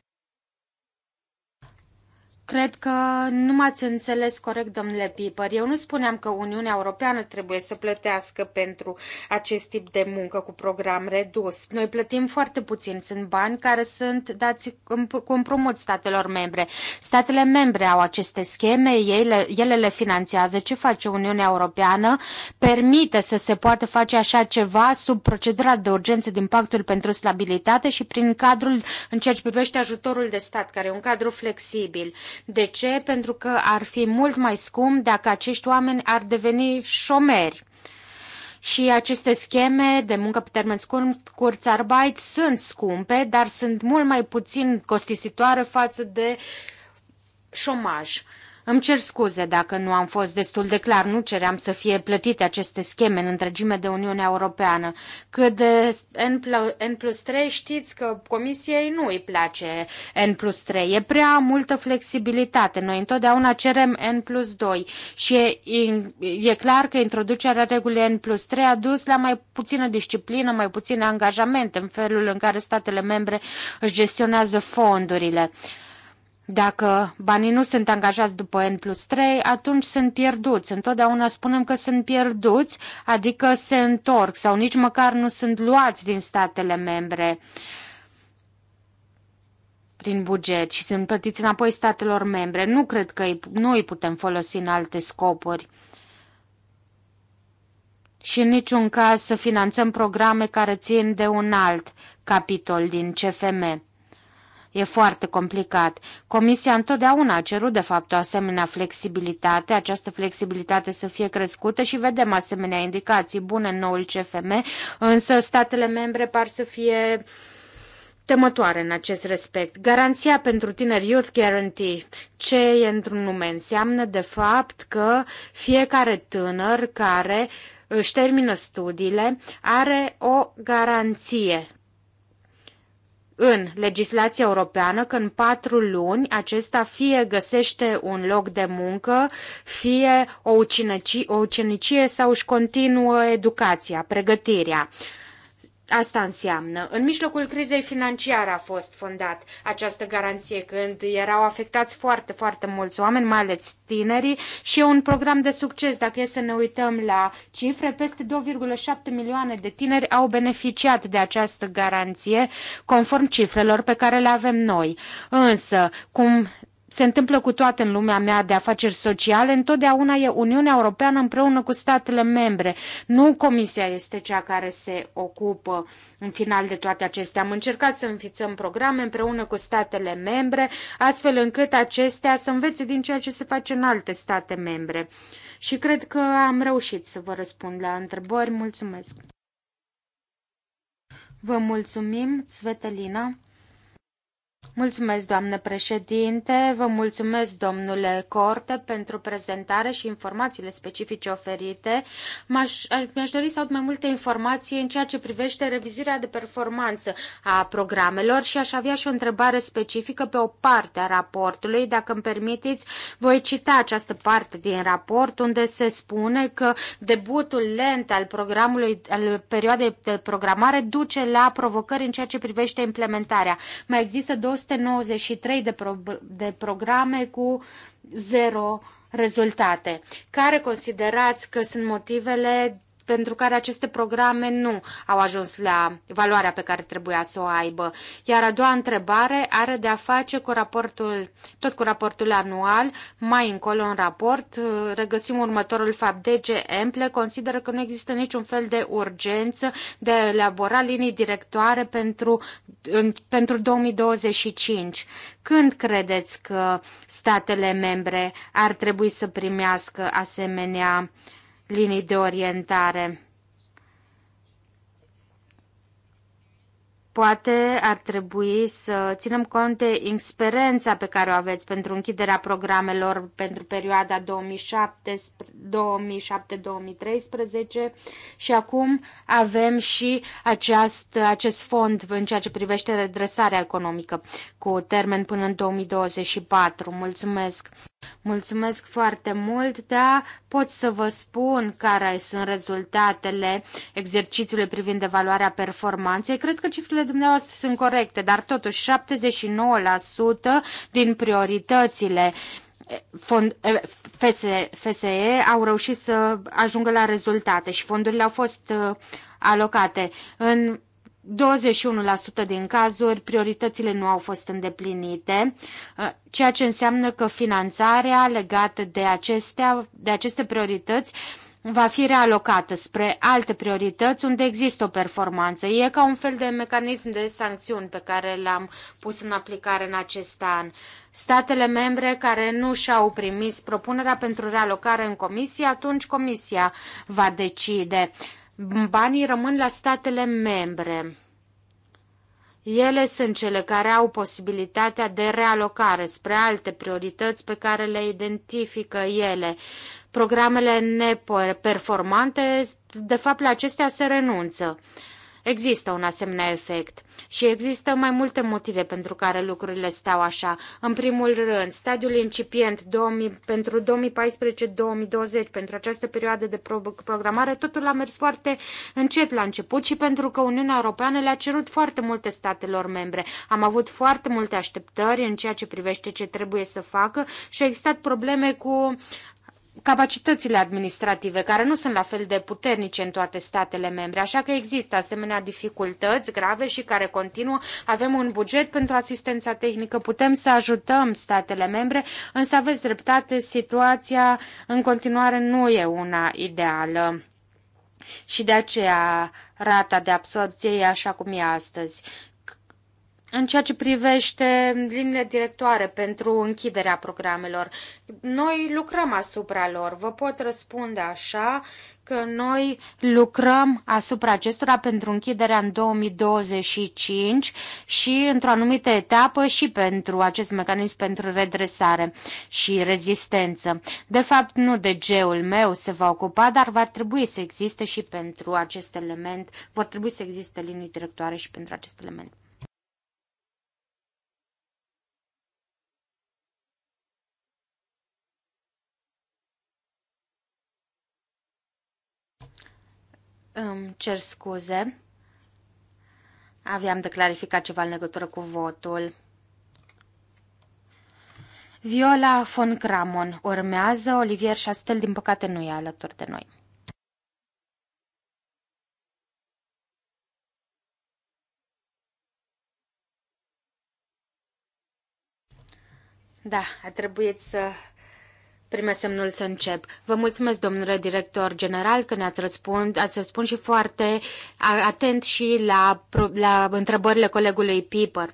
Cred că nu m-ați înțeles corect, domnule Piper. Eu nu spuneam că Uniunea Europeană trebuie să plătească pentru acest tip de muncă cu program redus. Noi plătim foarte puțin. Sunt bani care sunt dați cu împrumut statelor membre. Statele membre au aceste scheme, ele, ele le finanțează. Ce face Uniunea Europeană? Permite să se poată face așa ceva sub procedura de urgență din Pactul pentru Stabilitate și prin cadrul în ceea ce privește ajutorul de stat, care e un cadru flexibil. De ce? Pentru că ar fi mult mai scump dacă acești oameni ar deveni șomeri. Și aceste scheme de muncă pe termen scurt, curțarbait, sunt scumpe, dar sunt mult mai puțin costisitoare față de șomaj. Îmi cer scuze dacă nu am fost destul de clar, nu ceream să fie plătite aceste scheme în întregime de Uniunea Europeană. Cât de N plus 3, știți că Comisiei nu îi place N plus 3. E prea multă flexibilitate. Noi întotdeauna cerem N plus 2 și e, e clar că introducerea regulii N plus 3 a dus la mai puțină disciplină, mai puține angajamente în felul în care statele membre își gestionează fondurile. Dacă banii nu sunt angajați după N plus 3, atunci sunt pierduți. Întotdeauna spunem că sunt pierduți, adică se întorc sau nici măcar nu sunt luați din statele membre prin buget și sunt plătiți înapoi statelor membre. Nu cred că nu îi putem folosi în alte scopuri și în niciun caz să finanțăm programe care țin de un alt capitol din CFM. E foarte complicat. Comisia întotdeauna a cerut, de fapt, o asemenea flexibilitate, această flexibilitate să fie crescută și vedem asemenea indicații bune în noul CFM, însă statele membre par să fie temătoare în acest respect. Garanția pentru tineri Youth Guarantee, ce e într-un nume? Înseamnă, de fapt, că fiecare tânăr care își termină studiile, are o garanție în legislația europeană că în patru luni acesta fie găsește un loc de muncă, fie o ucenicie, o ucenicie sau își continuă educația, pregătirea. Uh, Asta înseamnă. În mijlocul crizei financiare a fost fondat această garanție când erau afectați foarte, foarte mulți oameni, mai ales tinerii și e un program de succes. Dacă e să ne uităm la cifre, peste 2,7 milioane de tineri au beneficiat de această garanție conform cifrelor pe care le avem noi. Însă, cum se întâmplă cu toate în lumea mea de afaceri sociale, întotdeauna e Uniunea Europeană împreună cu statele membre. Nu Comisia este cea care se ocupă în final de toate acestea. Am încercat să înfițăm programe împreună cu statele membre, astfel încât acestea să învețe din ceea ce se face în alte state membre. Și cred că am reușit să vă răspund la întrebări. Mulțumesc! Vă mulțumim, Svetelina! Mulțumesc, doamnă președinte, vă mulțumesc, domnule Corte, pentru prezentare și informațiile specifice oferite. M-aș, mi-aș dori să aud mai multe informații în ceea ce privește revizuirea de performanță a programelor și aș avea și o întrebare specifică pe o parte a raportului. Dacă îmi permiteți, voi cita această parte din raport unde se spune că debutul lent al programului, al perioadei de programare duce la provocări în ceea ce privește implementarea. Mai există două 293 de, pro, de programe cu zero rezultate. Care considerați că sunt motivele pentru care aceste programe nu au ajuns la valoarea pe care trebuia să o aibă. Iar a doua întrebare are de a face cu raportul, tot cu raportul anual, mai încolo în raport, regăsim următorul fapt. DG Emple consideră că nu există niciun fel de urgență de a elabora linii directoare pentru, în, pentru 2025. Când credeți că statele membre ar trebui să primească asemenea uh, linii de orientare. Poate ar trebui să ținem cont de experiența pe care o aveți pentru închiderea programelor pentru perioada 2007-2013 și acum avem și aceast, acest fond în ceea ce privește redresarea economică cu termen până în 2024. Mulțumesc! Mulțumesc foarte mult, da, pot să vă spun care sunt rezultatele exercițiului privind evaluarea performanței. Cred că cifrele dumneavoastră sunt corecte, dar totuși 79% din prioritățile fond, FSE, FSE au reușit să ajungă la rezultate și fondurile au fost alocate. În 21% din cazuri prioritățile nu au fost îndeplinite, ă, ceea ce înseamnă că finanțarea legată de, acestea, de aceste priorități va fi realocată spre alte priorități unde există o performanță. E ca un fel de mecanism de sancțiuni pe care l-am pus în aplicare în acest an. Statele membre care nu și-au primit propunerea pentru realocare în comisie, atunci comisia va decide Banii rămân la statele membre. Ele sunt cele care au posibilitatea de realocare spre alte priorități pe care le identifică ele. Programele neperformante, de fapt, la acestea se renunță. Există un asemenea efect și există mai multe motive pentru care lucrurile stau așa. În primul rând, stadiul incipient 2000, pentru 2014-2020, pentru această perioadă de programare, totul a mers foarte încet la început și pentru că Uniunea Europeană le-a cerut foarte multe statelor membre. Am avut foarte multe așteptări în ceea ce privește ce trebuie să facă și au existat probleme cu capacitățile administrative, care nu sunt la fel de puternice în toate statele membre, așa că există asemenea dificultăți grave și care continuă. Avem un buget pentru asistența tehnică, putem să ajutăm statele membre, însă aveți dreptate, situația în continuare nu e una ideală. Și de aceea rata de absorbție e așa cum e astăzi în ceea ce privește liniile directoare pentru închiderea programelor, noi lucrăm asupra lor. Vă pot răspunde așa că noi lucrăm asupra acestora pentru închiderea în 2025 și într-o anumită etapă și pentru acest mecanism pentru redresare și rezistență. De fapt, nu de geul meu se va ocupa, dar va trebui să existe și pentru acest element, vor trebui să existe linii directoare și pentru acest element. Îmi cer scuze. Aveam de clarificat ceva în legătură cu votul. Viola von Cramon urmează, Olivier Chastel din păcate nu e alături de noi. Da, a trebuit să Prime semnul să încep. Vă mulțumesc, domnule director general, că ne-ați răspund, ați răspuns și foarte atent și la, la întrebările colegului Piper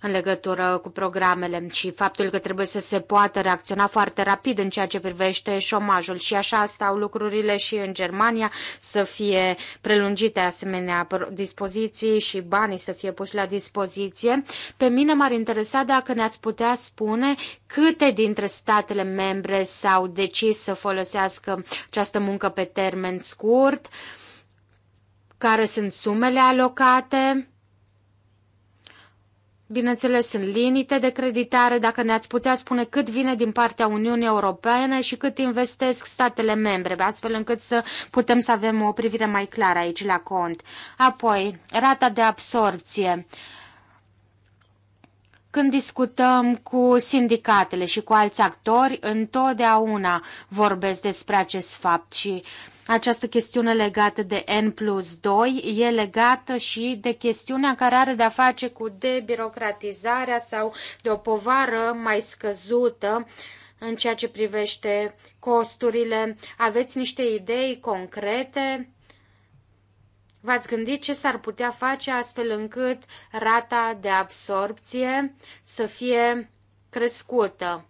în legătură cu programele și faptul că trebuie să se poată reacționa foarte rapid în ceea ce privește șomajul. Și așa stau lucrurile și în Germania, să fie prelungite asemenea dispoziții și banii să fie puși la dispoziție. Pe mine m-ar interesa dacă ne-ați putea spune Câte dintre statele membre s-au decis să folosească această muncă pe termen scurt? Care sunt sumele alocate? Bineînțeles, sunt limite de creditare, dacă ne-ați putea spune cât vine din partea Uniunii Europene și cât investesc statele membre, astfel încât să putem să avem o privire mai clară aici la cont. Apoi, rata de absorpție. Uh, când discutăm cu sindicatele și cu alți actori, întotdeauna vorbesc despre acest fapt și această chestiune legată de N plus 2 e legată și de chestiunea care are de-a face cu debirocratizarea sau de o povară mai scăzută în ceea ce privește costurile. Aveți niște idei concrete? V-ați gândit ce s-ar putea face astfel încât rata de absorpție să fie crescută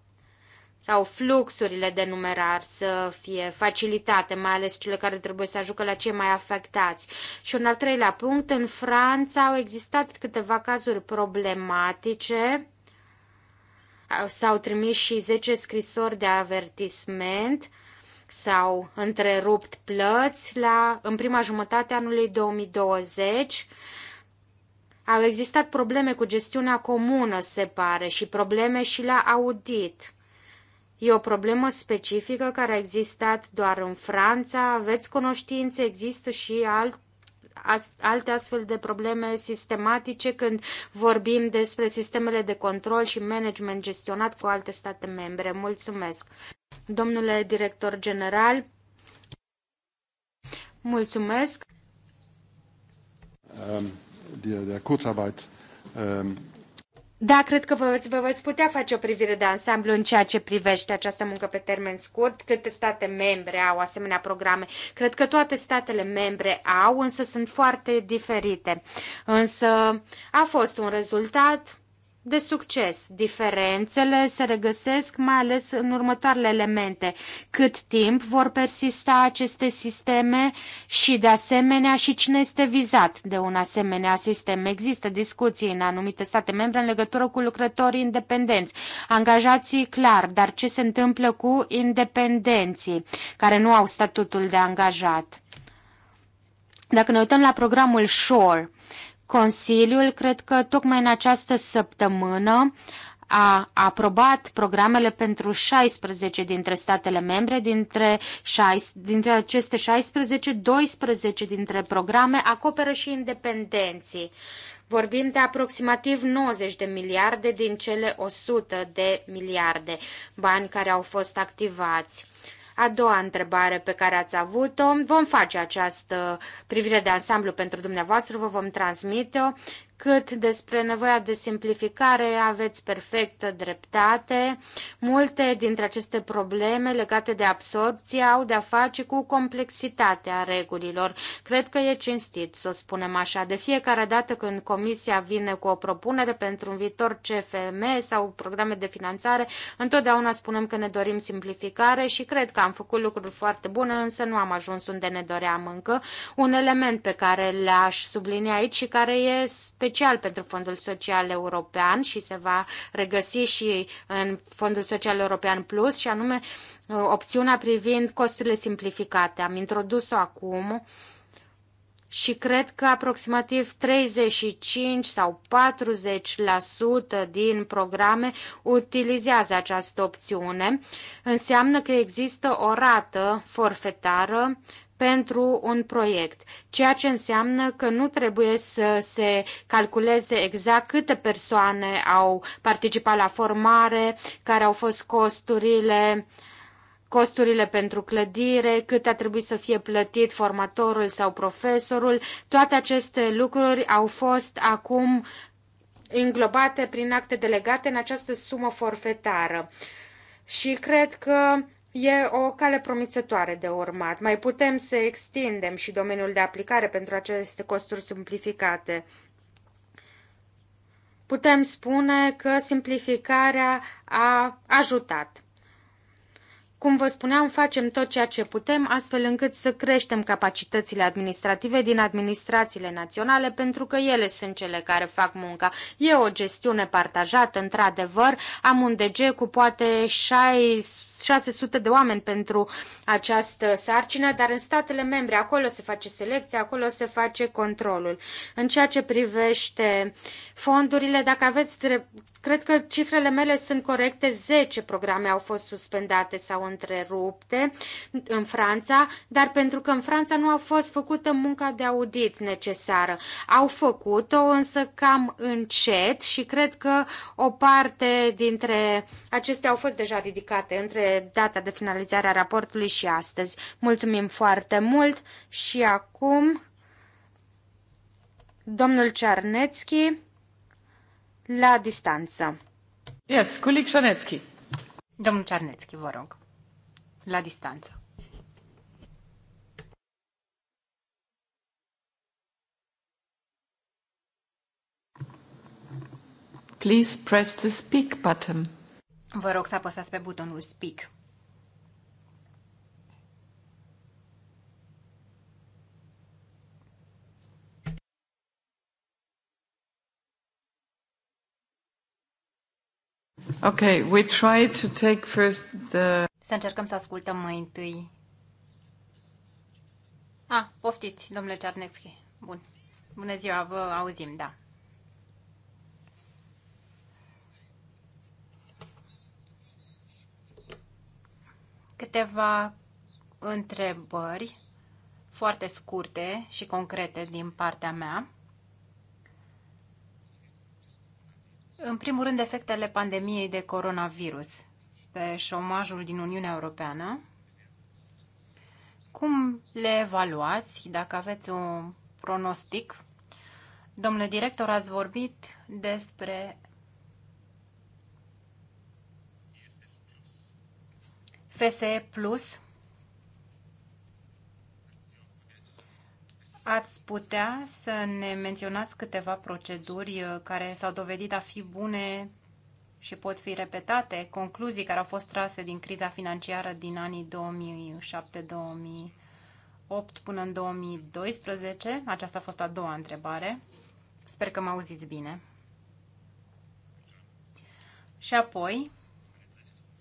sau fluxurile de numerar să fie facilitate, mai ales cele care trebuie să ajungă la cei mai afectați. Și un al treilea punct, în Franța au existat câteva cazuri problematice, s-au trimis și 10 scrisori de avertisment, s-au întrerupt plăți la, în prima jumătate a anului 2020. Au existat probleme cu gestiunea comună, se pare, și probleme și la audit. E o problemă specifică care a existat doar în Franța. Aveți cunoștințe? Există și alt, alte astfel de probleme sistematice când vorbim despre sistemele de control și management gestionat cu alte state membre. Mulțumesc! Domnule director general, mulțumesc. Um, de, de Kurzarbeit, um... Da, cred că vă, vă veți putea face o privire de ansamblu în ceea ce privește această muncă pe termen scurt. Câte state membre au asemenea programe? Cred că toate statele membre au, însă sunt foarte diferite. Însă a fost un rezultat de succes. Diferențele se regăsesc mai ales în următoarele elemente. Cât timp vor persista aceste sisteme și de asemenea și cine este vizat de un asemenea sistem. Există discuții în anumite state membre în legătură cu lucrătorii independenți. Angajații, clar, dar ce se întâmplă cu independenții care nu au statutul de angajat? Dacă ne uităm la programul SHORE, Consiliul, cred că tocmai în această săptămână, a aprobat programele pentru 16 dintre statele membre, dintre, 6, dintre aceste 16, 12 dintre programe acoperă și independenții. Vorbim de aproximativ 90 de miliarde din cele 100 de miliarde bani care au fost activați. A doua întrebare pe care ați avut-o, vom face această privire de ansamblu pentru dumneavoastră, vă vom transmite-o cât despre nevoia de simplificare, aveți perfectă dreptate. Multe dintre aceste probleme legate de absorpție au de-a face cu complexitatea regulilor. Cred că e cinstit să o spunem așa. De fiecare dată când Comisia vine cu o propunere pentru un viitor CFM sau programe de finanțare, întotdeauna spunem că ne dorim simplificare și cred că am făcut lucruri foarte bune, însă nu am ajuns unde ne doream încă. Un element pe care l-aș sublinia aici și care e special special pentru Fondul Social European și se va regăsi și în Fondul Social European Plus și anume uh, opțiunea privind costurile simplificate. Am introdus-o acum și cred că aproximativ 35 sau 40% din programe utilizează această opțiune. Înseamnă că există o rată forfetară pentru un proiect, ceea ce înseamnă că nu trebuie să se calculeze exact câte persoane au participat la formare, care au fost costurile, costurile pentru clădire, cât a trebuit să fie plătit formatorul sau profesorul. Toate aceste lucruri au fost acum înglobate prin acte delegate în această sumă forfetară. Și cred că E o cale promițătoare de urmat. Mai putem să extindem și domeniul de aplicare pentru aceste costuri simplificate. Putem spune că simplificarea a ajutat cum vă spuneam, facem tot ceea ce putem astfel încât să creștem capacitățile administrative din administrațiile naționale, pentru că ele sunt cele care fac munca. E o gestiune partajată, într-adevăr. Am un DG cu poate 600 de oameni pentru această sarcină, dar în statele membre, acolo se face selecția, acolo se face controlul. În ceea ce privește fondurile, dacă aveți, cred că cifrele mele sunt corecte, 10 programe au fost suspendate sau în întrerupte în Franța, dar pentru că în Franța nu a fost făcută munca de audit necesară. Au făcut-o însă cam încet și cred că o parte dintre acestea au fost deja ridicate între data de finalizare a raportului și astăzi. Mulțumim foarte mult și acum domnul Cernețchi la distanță. Yes, coleg Cernețchi. Domnul Cernețchi, vă rog la distanță. Please press the speak button. Vă rog să apăsați pe butonul speak. Okay, we try to take first the... Să încercăm să ascultăm mai întâi. Ah, poftiți, domnule Cernetski. Bun. Bună ziua, vă auzim, da. Câteva întrebări foarte scurte și concrete din partea mea. În primul rând, efectele pandemiei de coronavirus pe șomajul din Uniunea Europeană. Cum le evaluați, dacă aveți un pronostic? Domnule director, ați vorbit despre FSE Plus Ați putea să ne menționați câteva proceduri uh, care s-au dovedit a fi bune și pot fi repetate, concluzii care au fost trase din criza financiară din anii 2007-2008 până în 2012? Aceasta a fost a doua întrebare. Sper că mă auziți bine. Și apoi,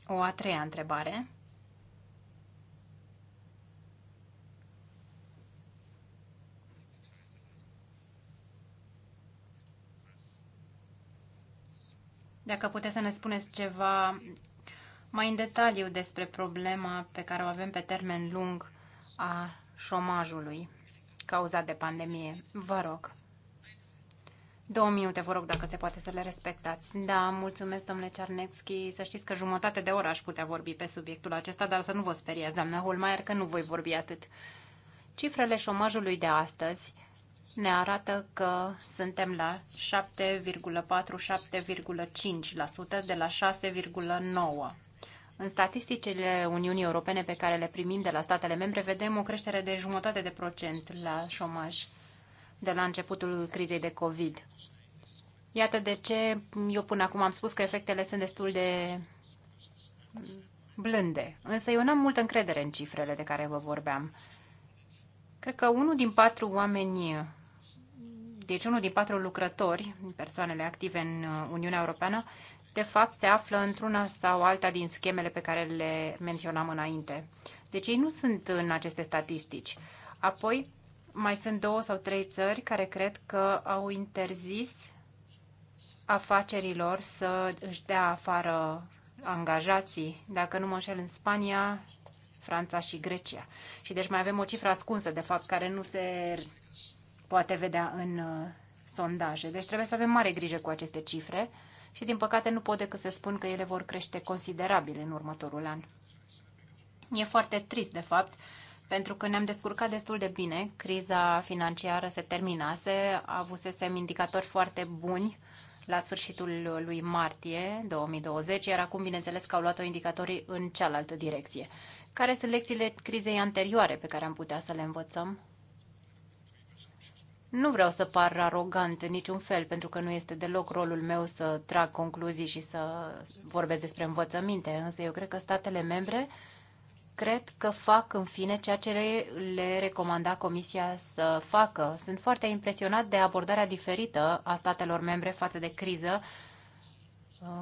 o a treia întrebare. Dacă puteți să ne spuneți ceva mai în detaliu despre problema pe care o avem pe termen lung a șomajului cauzat de pandemie, vă rog. Două minute, vă rog, dacă se poate să le respectați. Da, mulțumesc, domnule Cernețchi. Să știți că jumătate de oră aș putea vorbi pe subiectul acesta, dar să nu vă speriați, doamna Holmeier, că nu voi vorbi atât. Cifrele șomajului de astăzi ne arată că suntem la 7,4-7,5% de la 6,9%. În statisticile Uniunii Europene pe care le primim de la statele membre, vedem o creștere de jumătate de procent la șomaj de la începutul crizei de COVID. Iată de ce eu până acum am spus că efectele sunt destul de blânde, însă eu n-am multă încredere în cifrele de care vă vorbeam. Cred că unul din patru oameni, deci unul din patru lucrători, persoanele active în uh, Uniunea Europeană, de fapt se află într-una sau alta din schemele pe care le menționam înainte. Deci ei nu sunt în aceste statistici. Apoi, mai sunt două sau trei țări care cred că au interzis afacerilor să își dea afară angajații. Dacă nu mă înșel, în Spania Franța și Grecia. Și deci mai avem o cifră ascunsă, de fapt, care nu se poate vedea în uh, sondaje. Deci trebuie să avem mare grijă cu aceste cifre și, din păcate, nu pot decât să spun că ele vor crește considerabil în următorul an. E foarte trist, de fapt, pentru că ne-am descurcat destul de bine. Criza financiară se terminase, avusesem indicatori foarte buni la sfârșitul lui martie 2020, iar acum, bineînțeles, că au luat-o indicatorii în cealaltă direcție. Care sunt lecțiile crizei anterioare pe care am putea să le învățăm? Nu vreau să par arogant în niciun fel, pentru că nu este deloc rolul meu să trag concluzii și să vorbesc despre învățăminte, însă eu cred că statele membre cred că fac în fine ceea ce le, recomanda Comisia să facă. Sunt foarte impresionat de abordarea diferită a statelor membre față de criză,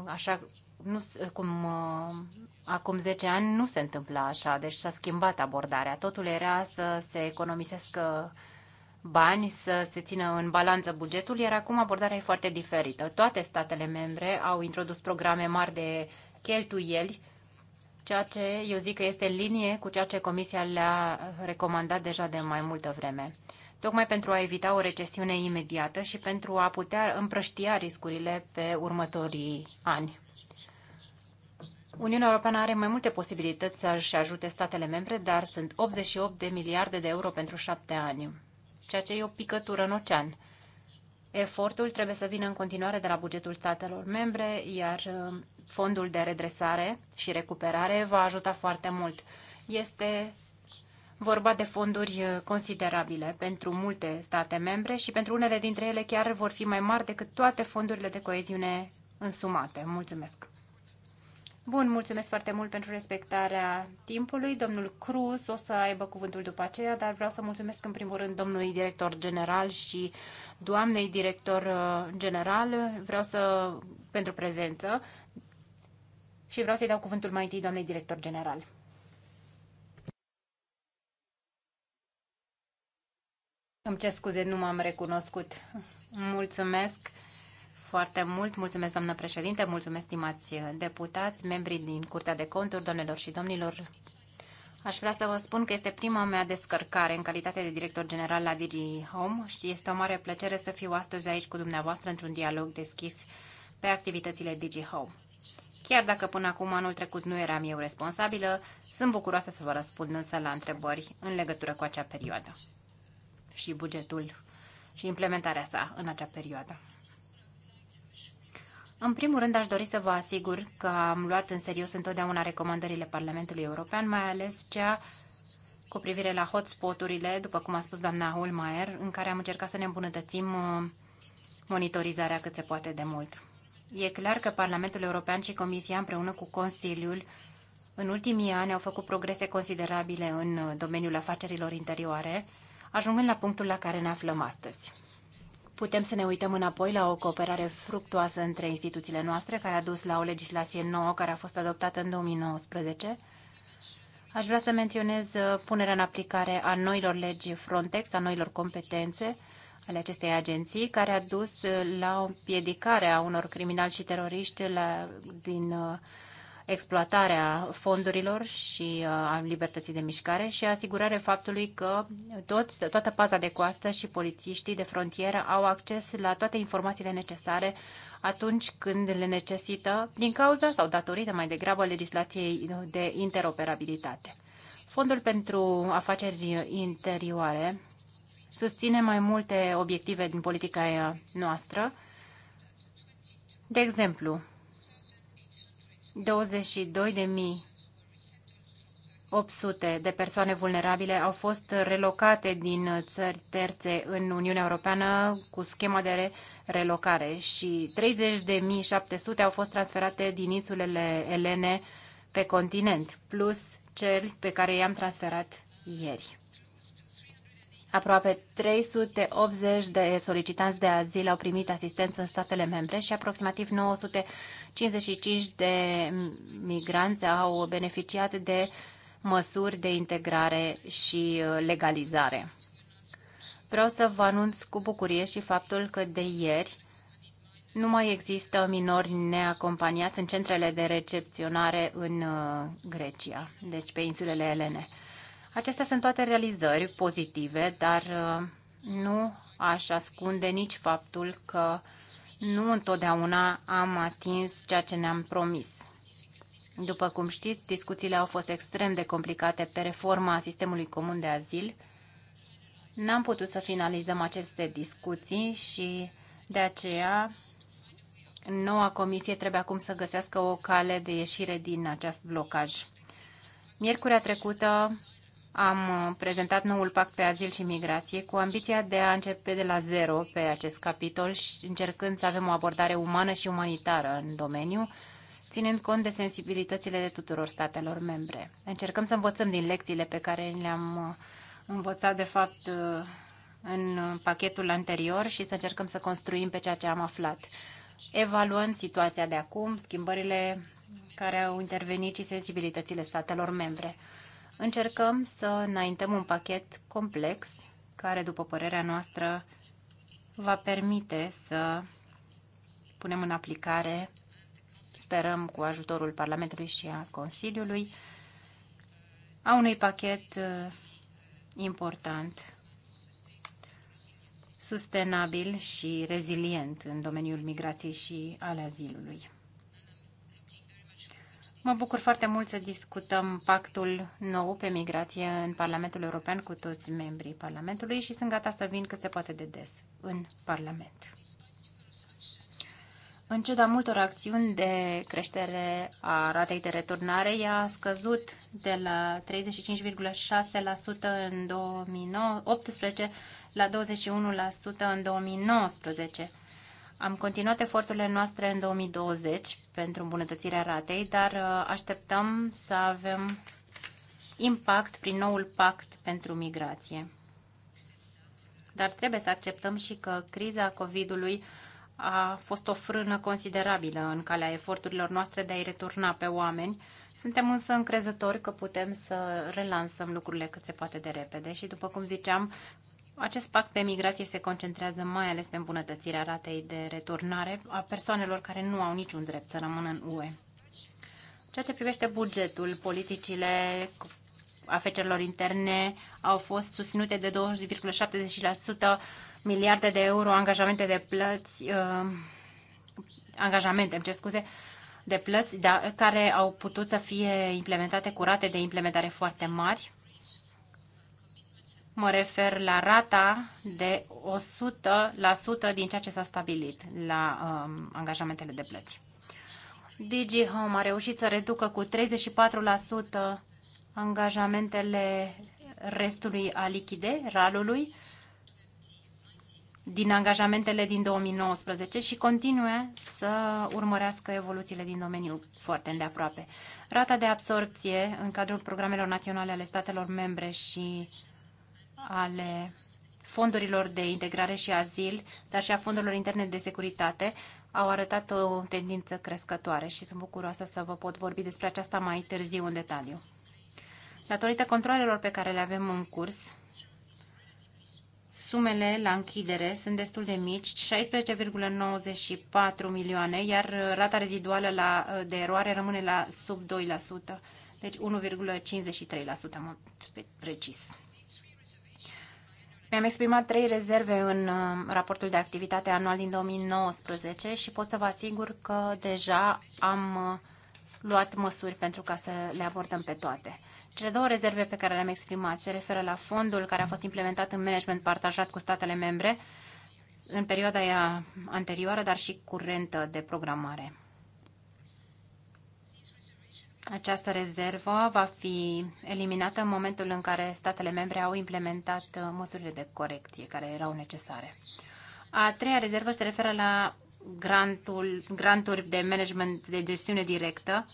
așa nu, cum uh, acum 10 ani nu se întâmpla așa, deci s-a schimbat abordarea. Totul era să se economisească bani, să se țină în balanță bugetul, iar acum abordarea e foarte diferită. Toate statele membre au introdus programe mari de cheltuieli, ceea ce eu zic că este în linie cu ceea ce Comisia le-a recomandat deja de mai multă vreme tocmai pentru a evita o recesiune imediată și pentru a putea împrăștia riscurile pe următorii ani. Uniunea Europeană are mai multe posibilități să-și ajute statele membre, dar sunt 88 de miliarde de euro pentru șapte ani, ceea ce e o picătură în ocean. Efortul trebuie să vină în continuare de la bugetul statelor membre, iar uh, fondul de redresare și recuperare va ajuta foarte mult. Este vorba de fonduri uh, considerabile pentru multe state membre și pentru unele dintre ele chiar vor fi mai mari decât toate fondurile de coeziune însumate. Mulțumesc! Bun, mulțumesc foarte mult pentru respectarea timpului. Domnul Cruz o să aibă cuvântul după aceea, dar vreau să mulțumesc în primul rând domnului director general și doamnei director uh, general. Vreau să pentru prezență și vreau să-i dau cuvântul mai întâi doamnei director general. Îmi cer scuze, nu m-am recunoscut. Mulțumesc foarte mult. Mulțumesc, doamnă președinte, mulțumesc, stimați deputați, membrii din Curtea de Conturi, domnilor și domnilor. Aș vrea să vă spun că este prima mea descărcare în calitate de director general la Digi Home și este o mare plăcere să fiu astăzi aici cu dumneavoastră într-un dialog deschis pe activitățile Digi Home. Chiar dacă până acum anul trecut nu eram eu responsabilă, sunt bucuroasă să vă răspund însă la întrebări în legătură cu acea perioadă și bugetul și implementarea sa în acea perioadă. În primul rând, aș dori să vă asigur că am luat în serios întotdeauna recomandările Parlamentului European, mai ales cea cu privire la hotspoturile, după cum a spus doamna Holmeier, în care am încercat să ne îmbunătățim uh, monitorizarea cât se poate de mult. E clar că Parlamentul European și Comisia, împreună cu Consiliul, în ultimii ani au făcut progrese considerabile în uh, domeniul afacerilor interioare, ajungând la punctul la care ne aflăm astăzi putem să ne uităm înapoi la o cooperare fructuoasă între instituțiile noastre, care a dus la o legislație nouă care a fost adoptată în 2019. Aș vrea să menționez uh, punerea în aplicare a noilor legi Frontex, a noilor competențe ale acestei agenții, care a dus uh, la o împiedicare a unor criminali și teroriști la, din uh, exploatarea fondurilor și uh, a libertății de mișcare și asigurarea faptului că toți, toată paza de coastă și polițiștii de frontieră au acces la toate informațiile necesare atunci când le necesită, din cauza sau datorită mai degrabă legislației de interoperabilitate. Fondul pentru afaceri interioare susține mai multe obiective din politica noastră, de exemplu, 22.800 de persoane vulnerabile au fost relocate din țări terțe în Uniunea Europeană cu schema de relocare și 30.700 au fost transferate din insulele Elene pe continent, plus cel pe care i-am transferat ieri. Aproape 380 de solicitanți de azil au primit asistență în statele membre și aproximativ 955 de migranți au beneficiat de măsuri de integrare și uh, legalizare. Vreau să vă anunț cu bucurie și faptul că de ieri nu mai există minori neacompaniați în centrele de recepționare în uh, Grecia, deci pe insulele Elene. Acestea sunt toate realizări pozitive, dar uh, nu aș ascunde nici faptul că nu întotdeauna am atins ceea ce ne-am promis. După cum știți, discuțiile au fost extrem de complicate pe reforma sistemului comun de azil. N-am putut să finalizăm aceste discuții și de aceea noua comisie trebuie acum să găsească o cale de ieșire din acest blocaj. Miercurea trecută am uh, prezentat noul pact pe azil și migrație cu ambiția de a începe de la zero pe acest capitol și încercând să avem o abordare umană și umanitară în domeniu, ținând cont de sensibilitățile de tuturor statelor membre. Încercăm să învățăm din lecțiile pe care le-am uh, învățat, de fapt, uh, în pachetul anterior și să încercăm să construim pe ceea ce am aflat. Evaluăm situația de acum, schimbările care au intervenit și sensibilitățile statelor membre încercăm să înaintăm un pachet complex care, după părerea noastră, va permite să punem în aplicare, sperăm cu ajutorul Parlamentului și a Consiliului, a unui pachet uh, important, sustenabil și rezilient în domeniul migrației și al azilului. Mă bucur foarte mult să discutăm pactul nou pe migrație în Parlamentul European cu toți membrii Parlamentului și sunt gata să vin cât se poate de des în Parlament. În ciuda multor acțiuni de creștere a ratei de returnare, ea a scăzut de la 35,6% în 2018 la 21% în 2019 am continuat eforturile noastre în 2020 pentru îmbunătățirea ratei, dar uh, așteptăm să avem impact prin noul pact pentru migrație. Dar trebuie să acceptăm și că criza COVID-ului a fost o frână considerabilă în calea eforturilor noastre de a-i returna pe oameni. Suntem însă încrezători că putem să relansăm lucrurile cât se poate de repede și, după cum ziceam, acest pact de migrație se concentrează mai ales pe îmbunătățirea ratei de returnare a persoanelor care nu au niciun drept să rămână în UE. Ceea ce privește bugetul, politicile afacerilor interne au fost susținute de 2,70% miliarde de euro angajamente de plăți, uh, angajamente, îmi cer scuze, de plăți da, care au putut să fie implementate cu rate de implementare foarte mari Mă refer la rata de 100% din ceea ce s-a stabilit la um, angajamentele de plăți. Digi Home a reușit să reducă cu 34% angajamentele restului a lichide, ralului, din angajamentele din 2019 și continue să urmărească evoluțiile din domeniu foarte îndeaproape. Rata de absorpție în cadrul programelor naționale ale statelor membre și uh, ale fondurilor de integrare și azil, dar și a fondurilor interne de securitate, au arătat o tendință crescătoare și sunt bucuroasă să vă pot vorbi despre aceasta mai târziu în detaliu. Datorită controlelor pe care le avem în curs, sumele la închidere sunt destul de mici, 16,94 milioane, iar rata reziduală la, de eroare rămâne la sub 2%, deci 1,53% în precis. Mi-am exprimat trei rezerve în um, raportul de activitate anual din 2019 și pot să vă asigur că deja am uh, luat măsuri pentru ca să le abordăm pe toate. Cele două rezerve pe care le-am exprimat se referă la fondul care a fost implementat în management partajat cu statele membre în perioada aia anterioară, dar și curentă de programare. Această rezervă va fi eliminată în momentul în care statele membre au implementat uh, măsurile de corecție care erau necesare. A treia rezervă se referă la grantul, granturi de management de gestiune directă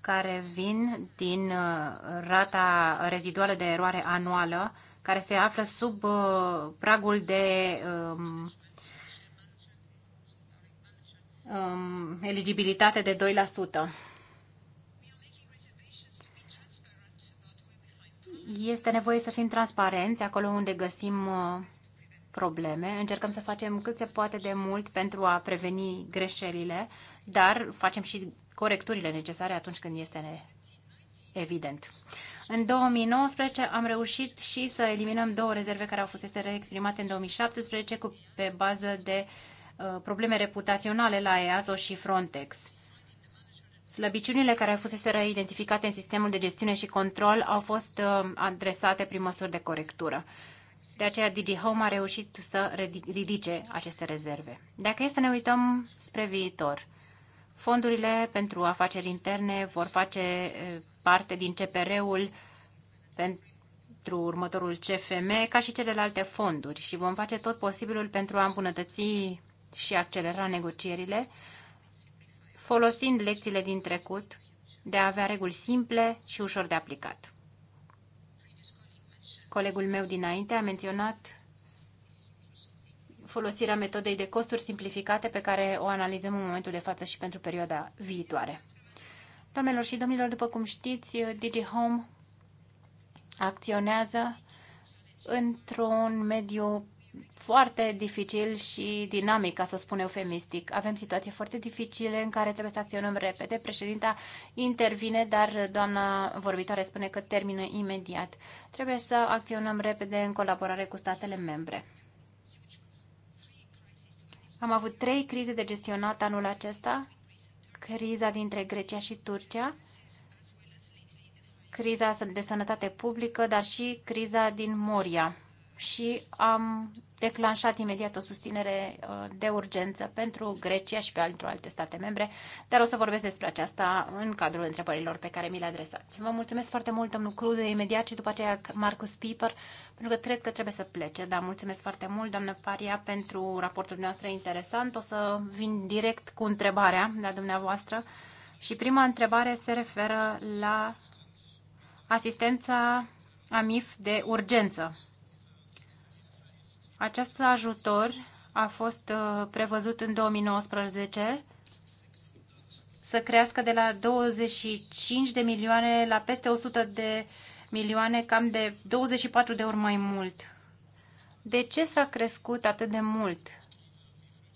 care vin din uh, rata reziduală de eroare anuală care se află sub uh, pragul de um, um, eligibilitate de 2%. este nevoie să fim transparenți acolo unde găsim uh, probleme. Încercăm să facem cât se poate de mult pentru a preveni greșelile, dar facem și corecturile necesare atunci când este evident. În 2019 am reușit și să eliminăm două rezerve care au fost reexprimate în 2017 cu, pe bază de uh, probleme reputaționale la EASO și Frontex. Slăbiciunile care fuseseră identificate în sistemul de gestiune și control au fost uh, adresate prin măsuri de corectură. De aceea DigiHome a reușit să ridice aceste rezerve. Dacă e să ne uităm spre viitor, fondurile pentru afaceri interne vor face uh, parte din CPR-ul pentru următorul CFM, ca și celelalte fonduri și vom face tot posibilul pentru a îmbunătăți și accelera negocierile folosind lecțiile din trecut de a avea reguli simple și ușor de aplicat. Colegul meu dinainte a menționat folosirea metodei de costuri simplificate pe care o analizăm în momentul de față și pentru perioada viitoare. Doamnelor și domnilor, după cum știți, DigiHome acționează într-un mediu foarte dificil și dinamic, ca să o spun eufemistic. Avem situații foarte dificile în care trebuie să acționăm repede. Președinta intervine, dar doamna vorbitoare spune că termină imediat. Trebuie să acționăm repede în colaborare cu statele membre. Am avut trei crize de gestionat anul acesta. Criza dintre Grecia și Turcia, criza de sănătate publică, dar și criza din Moria și am declanșat imediat o susținere uh, de urgență pentru Grecia și pentru alte state membre, dar o să vorbesc despre aceasta în cadrul întrebărilor pe care mi le adresați. Vă mulțumesc foarte mult, domnul Cruze, imediat și după aceea Marcus Piper, pentru că cred că trebuie să plece, dar mulțumesc foarte mult, doamnă Paria, pentru raportul noastră interesant. O să vin direct cu întrebarea la dumneavoastră și prima întrebare se referă la asistența AMIF de urgență acest ajutor a fost uh, prevăzut în 2019 să crească de la 25 de milioane la peste 100 de milioane, cam de 24 de ori mai mult. De ce s-a crescut atât de mult?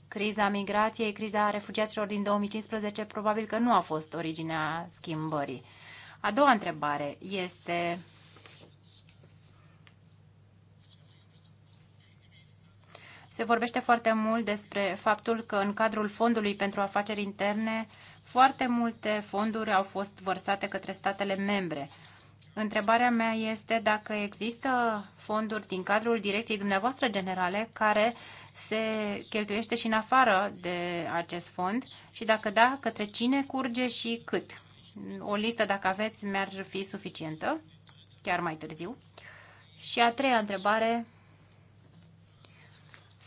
Criza migrației, criza refugiaților din 2015 probabil că nu a fost originea schimbării. A doua întrebare este Se vorbește foarte mult despre faptul că în cadrul Fondului pentru Afaceri Interne foarte multe fonduri au fost vărsate către statele membre. Întrebarea mea este dacă există fonduri din cadrul direcției dumneavoastră generale care se cheltuiește și în afară de acest fond și dacă da, către cine curge și cât. O listă, dacă aveți, mi-ar fi suficientă, chiar mai târziu. Și a treia întrebare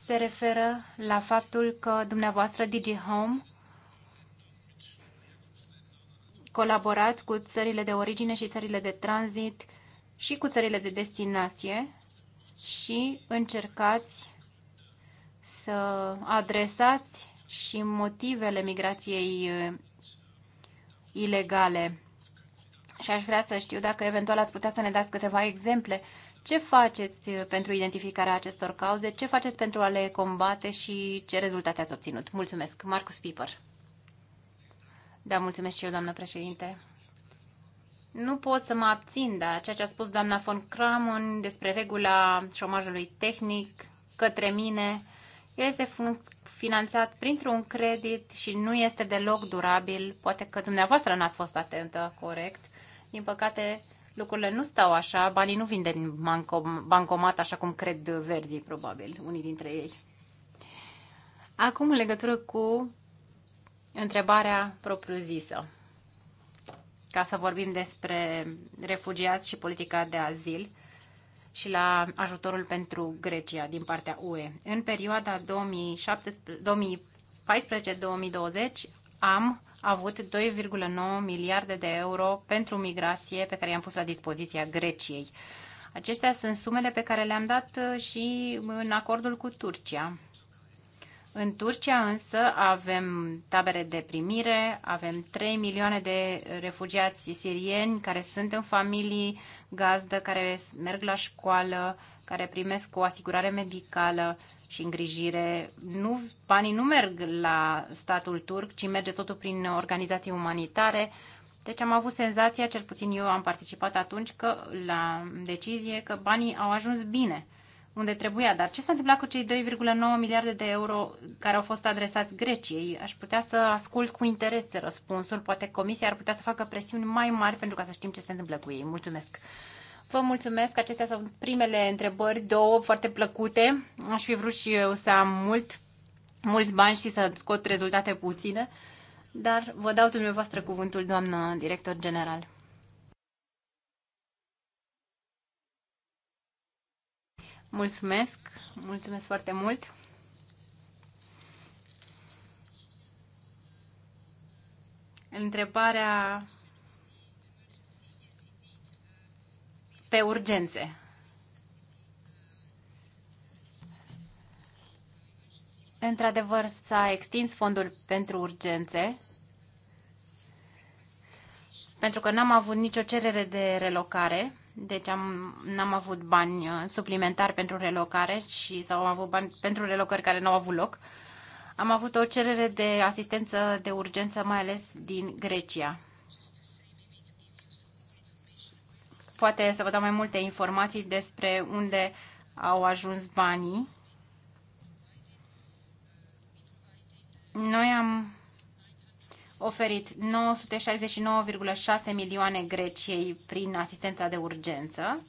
se referă la faptul că dumneavoastră DigiHome colaborați cu țările de origine și țările de tranzit și cu țările de destinație și încercați să adresați și motivele migrației eh, ilegale. Și aș vrea să știu dacă eventual ați putea să ne dați câteva exemple ce faceți uh, pentru identificarea acestor cauze? Ce faceți pentru a le combate și ce rezultate ați obținut? Mulțumesc. Marcus Piper. Da, mulțumesc și eu, doamnă președinte. Nu pot să mă abțin, dar ceea ce a spus doamna von Kramon despre regula șomajului tehnic către mine este finanțat printr-un credit și nu este deloc durabil. Poate că dumneavoastră n-ați fost atentă corect. Din păcate, lucrurile nu stau așa, banii nu vin din bancomat așa cum cred verzii, probabil, unii dintre ei. Acum, în legătură cu întrebarea propriu-zisă, ca să vorbim despre refugiați și politica de azil și la ajutorul pentru Grecia din partea UE. În perioada 2014-2020 am a avut 2,9 miliarde de euro pentru migrație pe care i-am pus la dispoziția Greciei. Acestea sunt sumele pe care le-am dat uh, și în acordul cu Turcia. În Turcia însă avem tabere de primire, avem 3 milioane de refugiați sirieni care sunt în familii gazdă, care merg la școală, care primesc o asigurare medicală și îngrijire. Nu, banii nu merg la statul turc, ci merge totul prin organizații umanitare. Deci am avut senzația, cel puțin eu am participat atunci, că la decizie că banii au ajuns bine unde trebuia. Dar ce s-a întâmplat cu cei 2,9 miliarde de euro care au fost adresați Greciei? Aș putea să ascult cu interes răspunsul. Poate comisia ar putea să facă presiuni mai mari pentru ca să știm ce se întâmplă cu ei. Mulțumesc! Vă mulțumesc, acestea sunt primele întrebări, două foarte plăcute. Aș fi vrut și eu să am mult, mulți bani și să scot rezultate puține, dar vă dau dumneavoastră cuvântul, doamnă director general. Mulțumesc, mulțumesc foarte mult. Întrebarea pe urgențe. Într-adevăr, s-a extins fondul pentru urgențe, pentru că n-am avut nicio cerere de relocare deci am, n-am avut bani uh, suplimentari pentru relocare și sau am avut bani pentru relocări care nu au avut loc. Am avut o cerere de asistență de urgență, mai ales din Grecia. Poate să vă dau mai multe informații despre unde au ajuns banii. Noi am oferit 969,6 milioane Greciei prin asistența de urgență.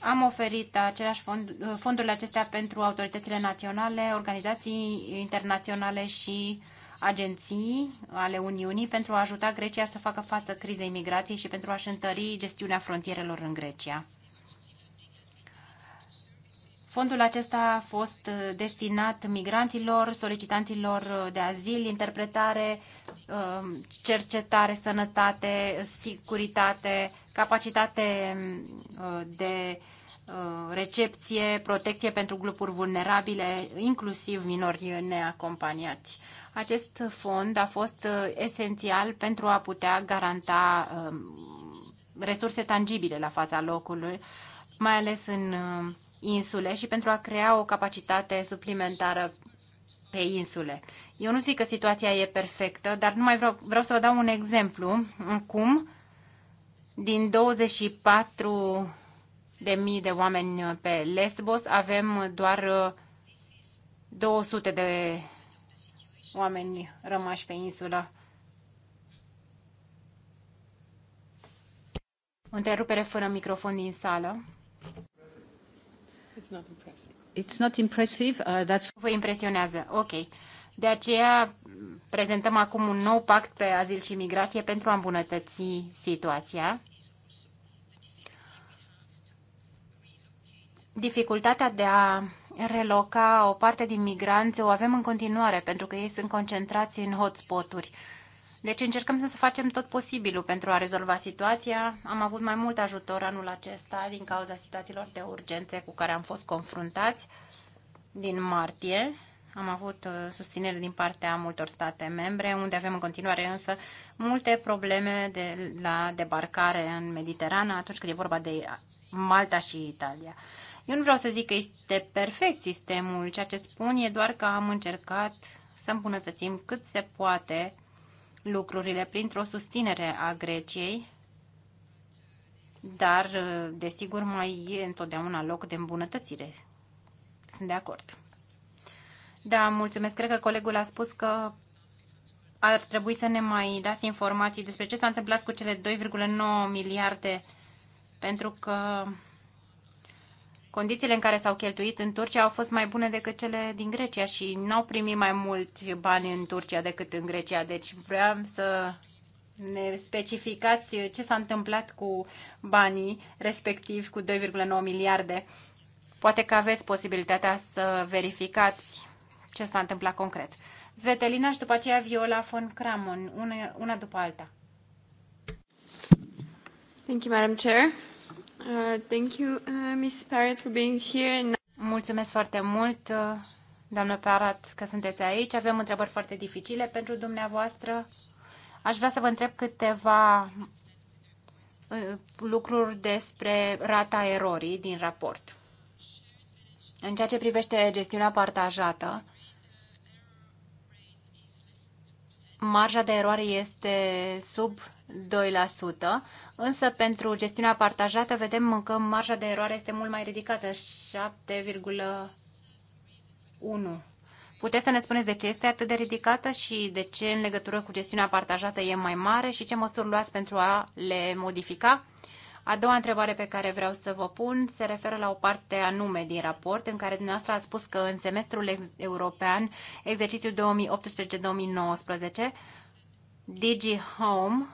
Am oferit aceleași fond, fondurile acestea pentru autoritățile naționale, organizații internaționale și agenții ale Uniunii pentru a ajuta Grecia să facă față crizei migrației și pentru a-și întări gestiunea frontierelor în Grecia. Fondul acesta a fost uh, destinat migranților, solicitanților uh, de azil, interpretare, uh, cercetare, sănătate, securitate, capacitate de recepție, protecție pentru grupuri vulnerabile, inclusiv minori neacompaniați. Acest fond a fost esențial pentru a putea garanta resurse tangibile la fața locului, mai ales în insule și pentru a crea o capacitate suplimentară pe insule. Eu nu zic că situația e perfectă, dar nu mai vreau, vreau să vă dau un exemplu cum din 24 de mii de oameni pe Lesbos avem doar 200 uh, de oameni rămași pe insulă. Întrerupere fără microfon din sală not impressive. It's not impressive. Uh, that's... Vă impresionează. Ok. De aceea prezentăm acum un nou pact pe azil și migrație pentru a îmbunătăți situația. Dificultatea de a reloca o parte din migranți o avem în continuare pentru că ei sunt concentrați în hotspoturi. uri deci încercăm să facem tot posibilul pentru a rezolva situația. Am avut mai mult ajutor anul acesta din cauza situațiilor de urgențe cu care am fost confruntați din martie. Am avut uh, susținere din partea multor state membre, unde avem în continuare însă multe probleme de la debarcare în Mediterana atunci când e vorba de Malta și Italia. Eu nu vreau să zic că este perfect sistemul, ceea ce spun e doar că am încercat să îmbunătățim cât se poate lucrurile printr-o susținere a Greciei, dar, desigur, mai e întotdeauna loc de îmbunătățire. Sunt de acord. Da, mulțumesc. Cred că colegul a spus că ar trebui să ne mai dați informații despre ce s-a întâmplat cu cele 2,9 miliarde, pentru că Condițiile în care s-au cheltuit în Turcia au fost mai bune decât cele din Grecia și n-au primit mai mulți bani în Turcia decât în Grecia. Deci vreau să ne specificați ce s-a întâmplat cu banii, respectiv cu 2,9 miliarde. Poate că aveți posibilitatea să verificați ce s-a întâmplat concret. Zvetelina și după aceea Viola von Kramon, una, una după alta. Thank you, Madam Chair. Uh, thank you, uh, Miss for being here. Mulțumesc foarte mult, uh, doamnă Parat, că sunteți aici. Avem întrebări foarte dificile pentru dumneavoastră. Aș vrea să vă întreb câteva uh, lucruri despre rata erorii din raport. În ceea ce privește gestiunea partajată, marja de eroare este sub 2%, însă pentru gestiunea partajată vedem că marja de eroare este mult mai ridicată, 7,1%. Puteți să ne spuneți de ce este atât de ridicată și de ce în legătură cu gestiunea partajată e mai mare și ce măsuri luați pentru a le modifica? A doua întrebare pe care vreau să vă pun se referă la o parte anume din raport în care dumneavoastră ați spus că în semestrul european, exercițiul 2018-2019, Digi Home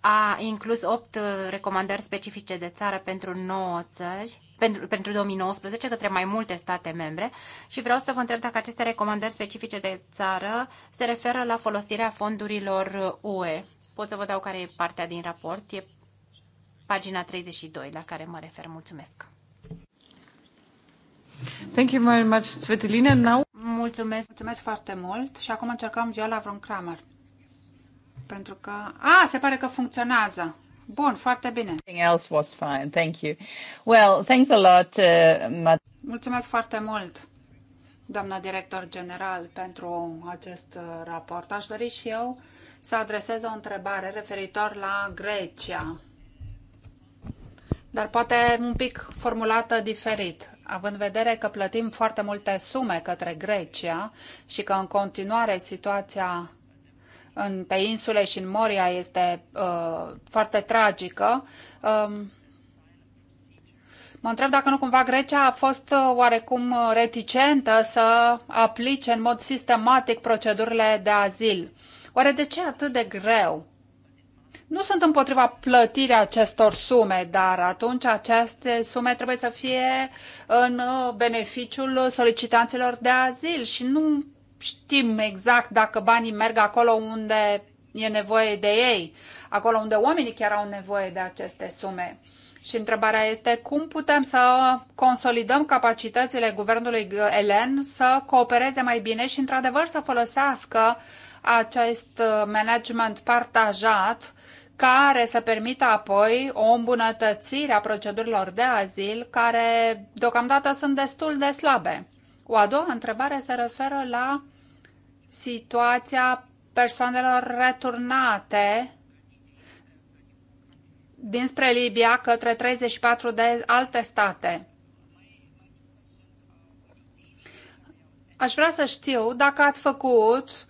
a inclus opt uh, recomandări specifice de țară pentru 9 țări, pentru, pentru 2019 către mai multe state membre și vreau să vă întreb dacă aceste recomandări specifice de țară se referă la folosirea fondurilor UE. Uh, Pot să vă dau care e partea din raport. E pagina 32 la care mă refer. Mulțumesc! Thank you very much, Svetlina. Now... Mulțumesc. Mulțumesc foarte mult. Și acum încercăm Viola Vron Kramer. Pentru că... A, se pare că funcționează. Bun, foarte bine. Everything else was fine. Thank you. Well, thanks a lot, uh, Mulțumesc foarte mult, doamna director general, pentru acest uh, raport. Aș dori și eu să adresez o întrebare referitor la Grecia dar poate un pic formulată diferit, având în vedere că plătim foarte multe sume către Grecia și că în continuare situația în, pe insule și în Moria este uh, foarte tragică. Um, mă întreb dacă nu cumva Grecia a fost uh, oarecum uh, reticentă să aplice în mod sistematic procedurile de azil. Oare de ce atât de greu? Nu sunt împotriva plătirii acestor sume, dar atunci aceste sume trebuie să fie în uh, beneficiul solicitanților de azil și nu știm exact dacă banii merg acolo unde e nevoie de ei, acolo unde oamenii chiar au nevoie de aceste sume. Și întrebarea este cum putem să consolidăm capacitățile guvernului elen să coopereze mai bine și într-adevăr să folosească acest uh, management partajat care să permită apoi o îmbunătățire a procedurilor de azil, care deocamdată sunt destul de slabe. O a doua întrebare se referă la situația persoanelor returnate dinspre Libia către 34 de alte state. Aș vrea să știu dacă ați făcut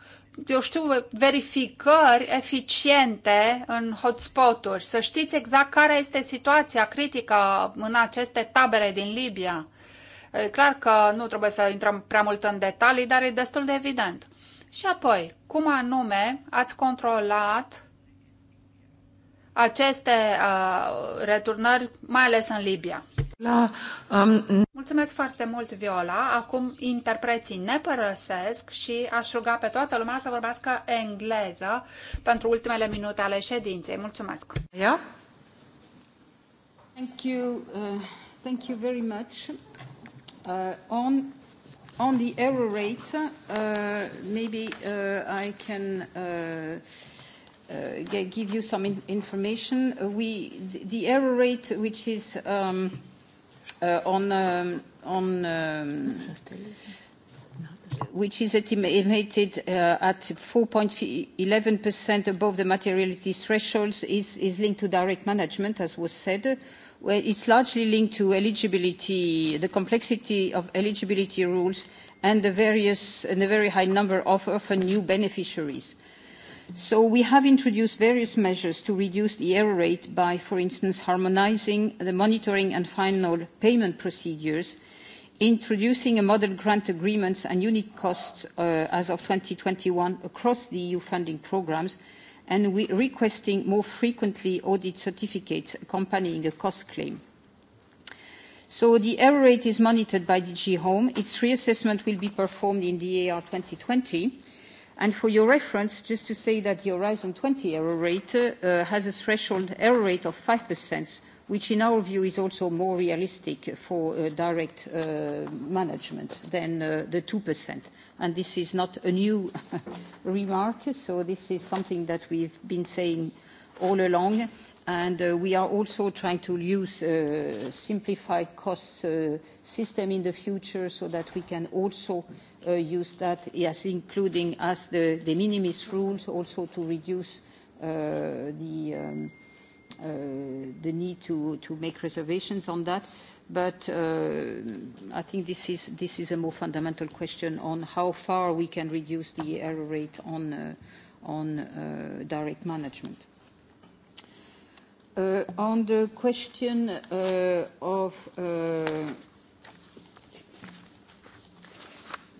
eu știu, verificări eficiente în hotspoturi, să știți exact care este situația critică în aceste tabere din Libia. E clar că nu trebuie să intrăm prea mult în detalii, dar e destul de evident. Și apoi, cum anume ați controlat aceste uh, returnări, mai ales în Libia? La, um... Mulțumesc foarte mult, Viola. Acum interpreții ne părăsesc și aș ruga pe toată lumea să vorbească engleză pentru ultimele minute ale ședinței. Mulțumesc. Yeah? Thank you, uh, thank you very much. Uh, on on the error rate, uh, maybe uh, I can. Uh, uh, give you some in information. We, the error rate, which is um, Uh, on, um, on um, which is estimated uh, at 4.11% above the materiality thresholds, is, is linked to direct management, as was said. Well, it's largely linked to eligibility, the complexity of eligibility rules, and the, various, and the very high number of often new beneficiaries. So we have introduced various measures to reduce the error rate by, for instance, harmonizing the monitoring and final payment procedures, introducing a model grant agreements and unit costs uh, as of 2021 across the EU funding programs, and we requesting more frequently audit certificates accompanying a cost claim. So the error rate is monitored by DG Home. Its reassessment will be performed in the AR 2020, And for your reference, just to say that the Horizon 20 error rate uh, has a threshold error rate of 5%, which in our view is also more realistic for uh, direct uh, management than the 2%. And this is not a new remark, so this is something that we've been saying all along. And we are also trying to use a simplified costs system in the future so that we can also Uh, use that yes, including as the de minimis rules also to reduce uh, the, um, uh, the need to, to make reservations on that. But uh, I think this is, this is a more fundamental question on how far we can reduce the error rate on, uh, on uh, direct management. Uh, on the question uh, of uh,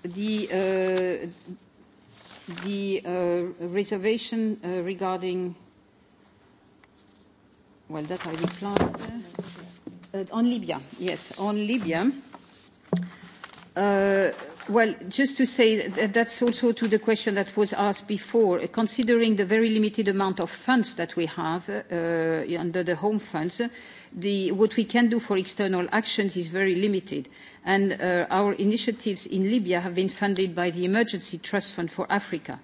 the, uh, the uh, reservation uh, regarding well, that I replied. On Libya, yes, on Libya. Uh, well, just to say that that's also to the question that was asked before. Considering the very limited amount of funds that we have uh, under the home funds, the, what we can do for external actions is very limited. And uh, our initiatives in Libya have been funded by the Emergency Trust Fund for Africa.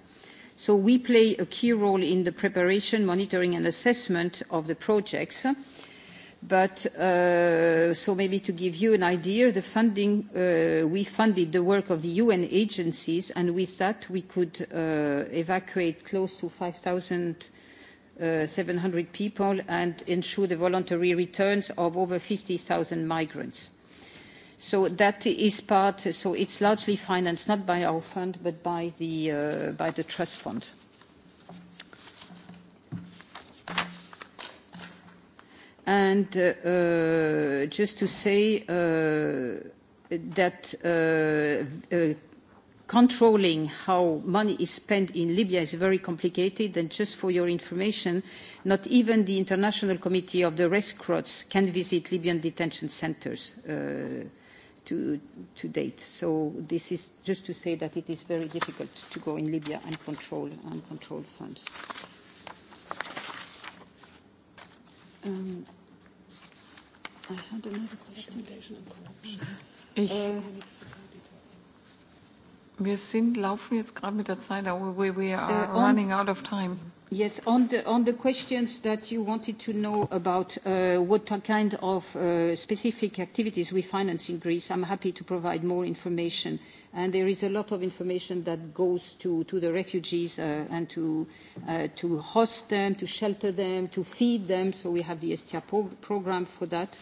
So we play a key role in the preparation, monitoring and assessment of the projects. But uh, so maybe to give you an idea, the funding, uh, we funded the work of the UN agencies and with that we could uh, evacuate close to 5,000 700 uh, people and ensure the voluntary returns of over 50,000 migrants. So that is part, so it's largely financed not by our fund, but by the, uh, by the trust fund. And uh, just to say that controlling how money is spent in Libya is very complicated and just for your information, not even the International Committee of the Red Cross can visit Libyan detention centres uh, to, to, date. So this is just to say that it is very difficult to go in Libya and control, and control funds. Um, I had another question. Wir sind, laufen jetzt gerade mit der Zeit. We, we are uh, on, running out of time. Yes, on the, on the questions that you wanted to know about uh, what kind of uh, specific activities we finance in Greece, I'm happy to provide more information. And there is a lot of information that goes to, to the refugees uh, and to, uh, to host them, to shelter them, to feed them. So we have the STR pro program for that. Uh,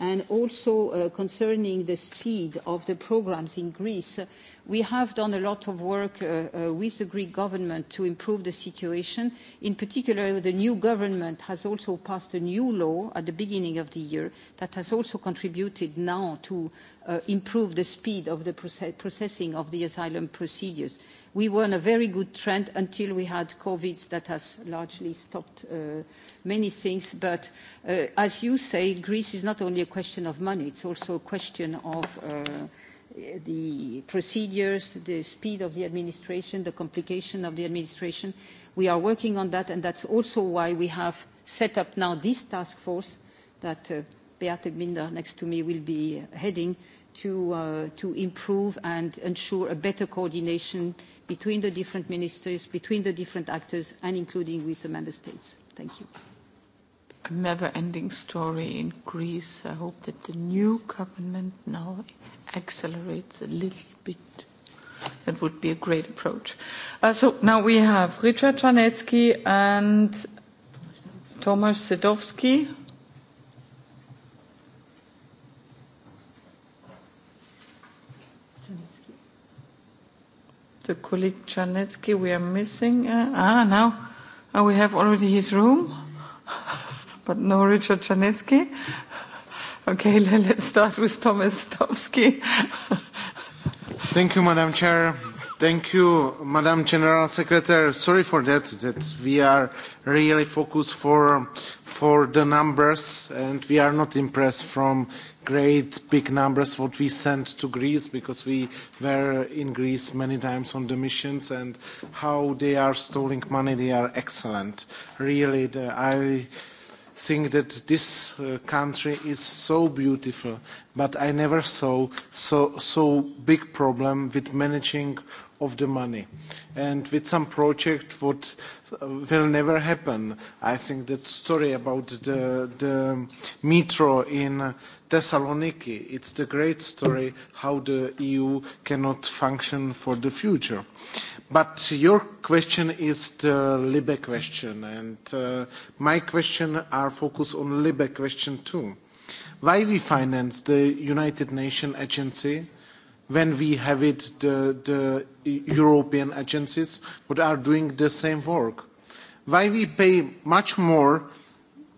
and also uh, concerning the speed of the programs in Greece, uh, we have done a lot of work uh, with the Greek government to improve the situation. In particular, the new government has also passed a new law at the beginning of the year that has also contributed now to Uh, improve the speed of the proce processing of the asylum procedures. We were on a very good trend until we had COVID that has largely stopped uh, many things. But uh, as you say, Greece is not only a question of money, it's also a question of uh, the procedures, the speed of the administration, the complication of the administration. We are working on that, and that's also why we have set up now this task force that uh, Beate Binder next to me will be heading, to, uh, to improve and ensure a better coordination between the different ministries, between the different actors, and including with the member states. Thank you. A never-ending story in Greece. I hope that the new government now accelerates a little bit. That would be a great approach. Uh, so now we have Richard Czarnecki and Tomasz Sedowski. the colleague Czarnecki we are missing. Uh, ah, now oh, we have already his room, but no Richard Czarnecki. Okay, let's start with Thomas Stovsky. Thank you, Madam Chair. Thank you, Madam General Secretary. Sorry for that, that we are really focused for, for the numbers and we are not impressed from great big numbers what we sent to Greece because we were in Greece many times on the missions and how they are stealing money they are excellent really the, I think that this uh, country is so beautiful, but I never saw so, so big problem with managing of the money. And with some project what uh, will never happen. I think that story about the, the metro in Thessaloniki, it's the great story how the EU cannot function for the future. Uh, But your question is the Libe question, and uh, my question are focused on Libe question too. Why we finance the United Nations agency when we have it the, the European agencies that are doing the same work? Why we pay much more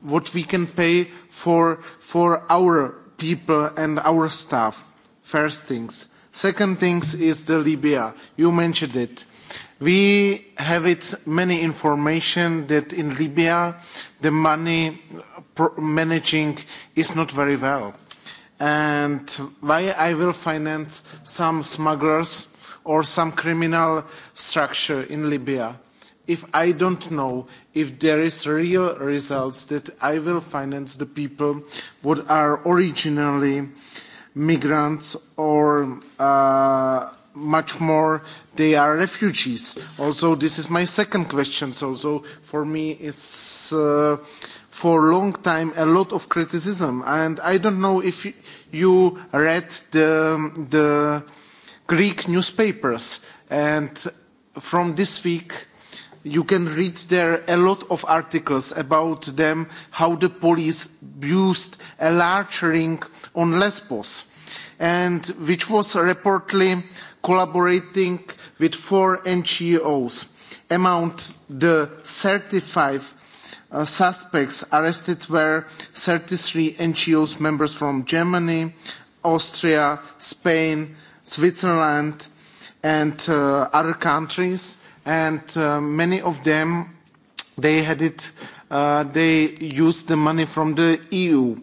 what we can pay for, for our people and our staff? First things. Second things is the Libya. You mentioned it We have it many information that in Libya the money managing is not very well. And why I will finance some smugglers or some criminal structure in Libya if I don't know if there is real results that I will finance the people what are originally migrants or uh, much more they are refugees. Also, this is my second question. So, so for me, it's uh, for a long time a lot of criticism, and I don't know if you read the, the Greek newspapers, and from this week you can read there a lot of articles about them, how the police abused a large ring on Lesbos and which was reportedly collaborating with four NGOs. Among the 35 uh, suspects arrested were 33 NGOs members from Germany, Austria, Spain, Switzerland, and uh, other countries, and uh, many of them they had it, uh, they used the money from the EU.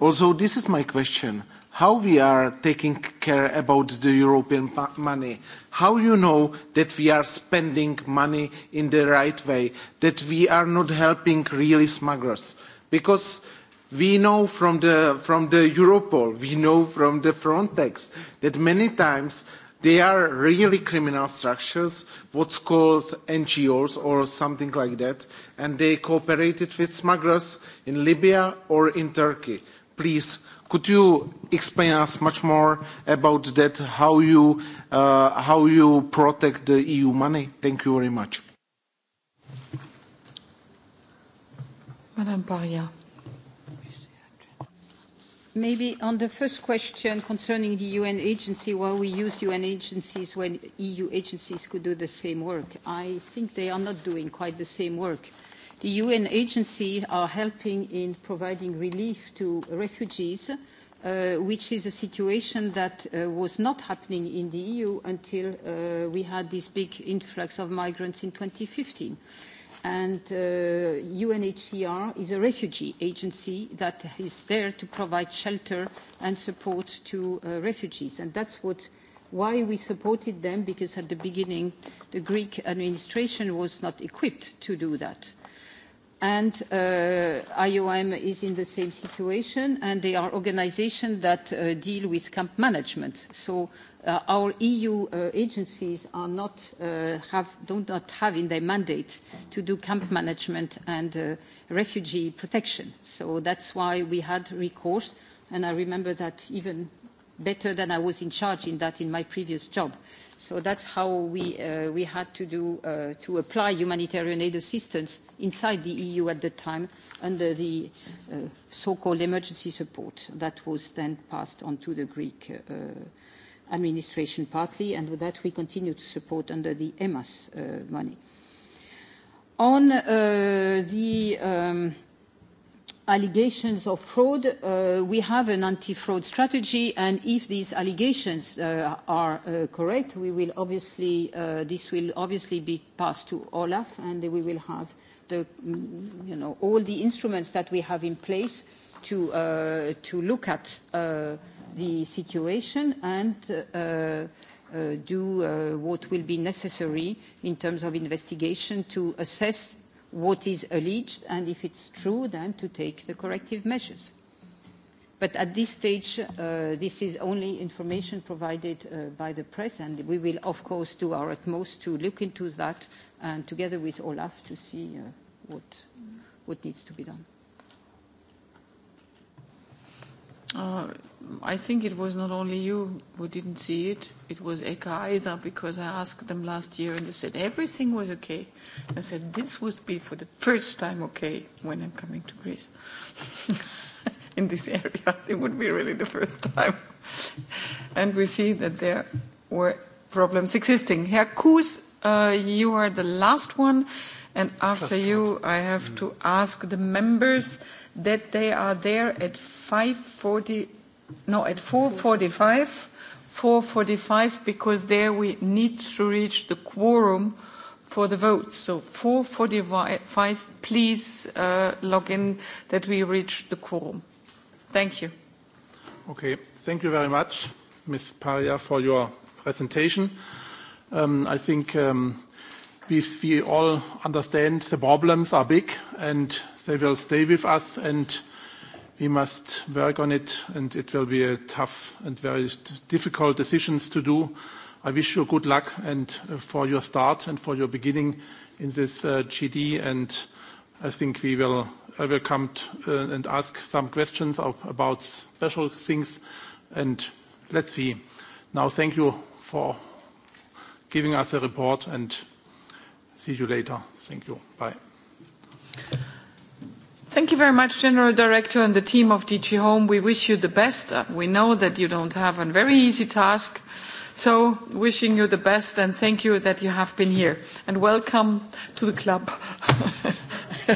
Also, this is my question how we are taking care about the European money, how you know that we are spending money in the right way, that we are not helping really smugglers. Because we know from the, from the Europol, we know from the Frontex, that many times they are really criminal structures, what's called NGOs or something like that, and they cooperated with smugglers in Libya or in Turkey. Please Could you explain us much more about that, how you, uh, how you protect the EU money? Thank you very much. Madame Paria. Maybe on the first question concerning the UN agency, why well, we use UN agencies when EU agencies could do the same work. I think they are not doing quite the same work. Uh, The UN agency are helping in providing relief to refugees, uh, which is a situation that uh, was not happening in the EU until uh, we had this big influx of migrants in 2015 and uh, UNHCR is a refugee agency that is there to provide shelter and support to uh, refugees. And that's what, why we supported them, because at the beginning the Greek administration was not equipped to do that and uh, IOM is in the same situation, and they are organizations that uh, deal with camp management. So uh, our EU uh, agencies are not, uh, have, do not have in their mandate to do camp management and uh, refugee protection. So that's why we had recourse, and I remember that even better than I was in charge in that in my previous job. So that's how we, uh, we had to, do, uh, to apply humanitarian aid assistance inside the EU at the time under the uh, so-called emergency support that was then passed on to the Greek uh, administration partly, and with that we continue to support under the EMAS uh, money. On uh, the um, allegations of fraud, uh, we have an anti-fraud strategy, and if these allegations uh, are uh, correct, we will obviously, uh, this will obviously be passed to Olaf, and we will have the, mm, you know, all the instruments that we have in place to, uh, to look at uh, the situation and do what will be necessary in terms of investigation to assess what is alleged and if it's true, then to take the corrective measures. But at this stage, uh, this is only information provided uh, by the press, and we will, of course, do our utmost to look into that, and together with Olaf, to see uh, what, what needs to be done. Uh, I think it was not only you who didn't see it, it was Eka either, because I asked them last year and they said everything was okay. I said, this would be for the first time okay when I'm coming to Greece. In this area, it would be really the first time. and we see that there were problems existing. Herr Kuz, uh, you are the last one, and after you, I have mm. to ask the members that they are there at 5.40, no, at 4.45, 4.45, because there we need to reach the quorum for the vote. So 4.45, please uh, log in that we reach the quorum. Thank you. Okay, thank you very much, Ms. Paria, for your presentation. Um, I think um, we, we all understand the problems are big and they will stay with us and we must work on it, and it will be a tough and very difficult decisions to do. I wish you good luck and uh, for your start and for your beginning in this uh, GD, and I think we will, I will come to, uh, and ask some questions of, about special things, and let's see. Now, thank you for giving us a report, and see you later. Thank you. Bye. Thank you very much, General Director and the team of DG Home. We wish you the best. Uh, we know that you don't have a very easy task, so wishing you the best and thank you that you have been here. And welcome to the club.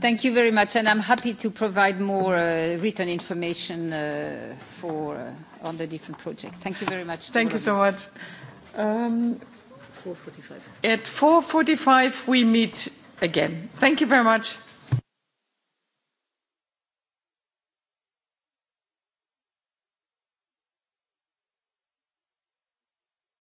thank you very much, and I'm happy to provide more uh, written information uh, for, uh, on the different projects. Thank you very much. Thank you so much. Um, 4.45. At 4.45 we meet again. Thank you very much.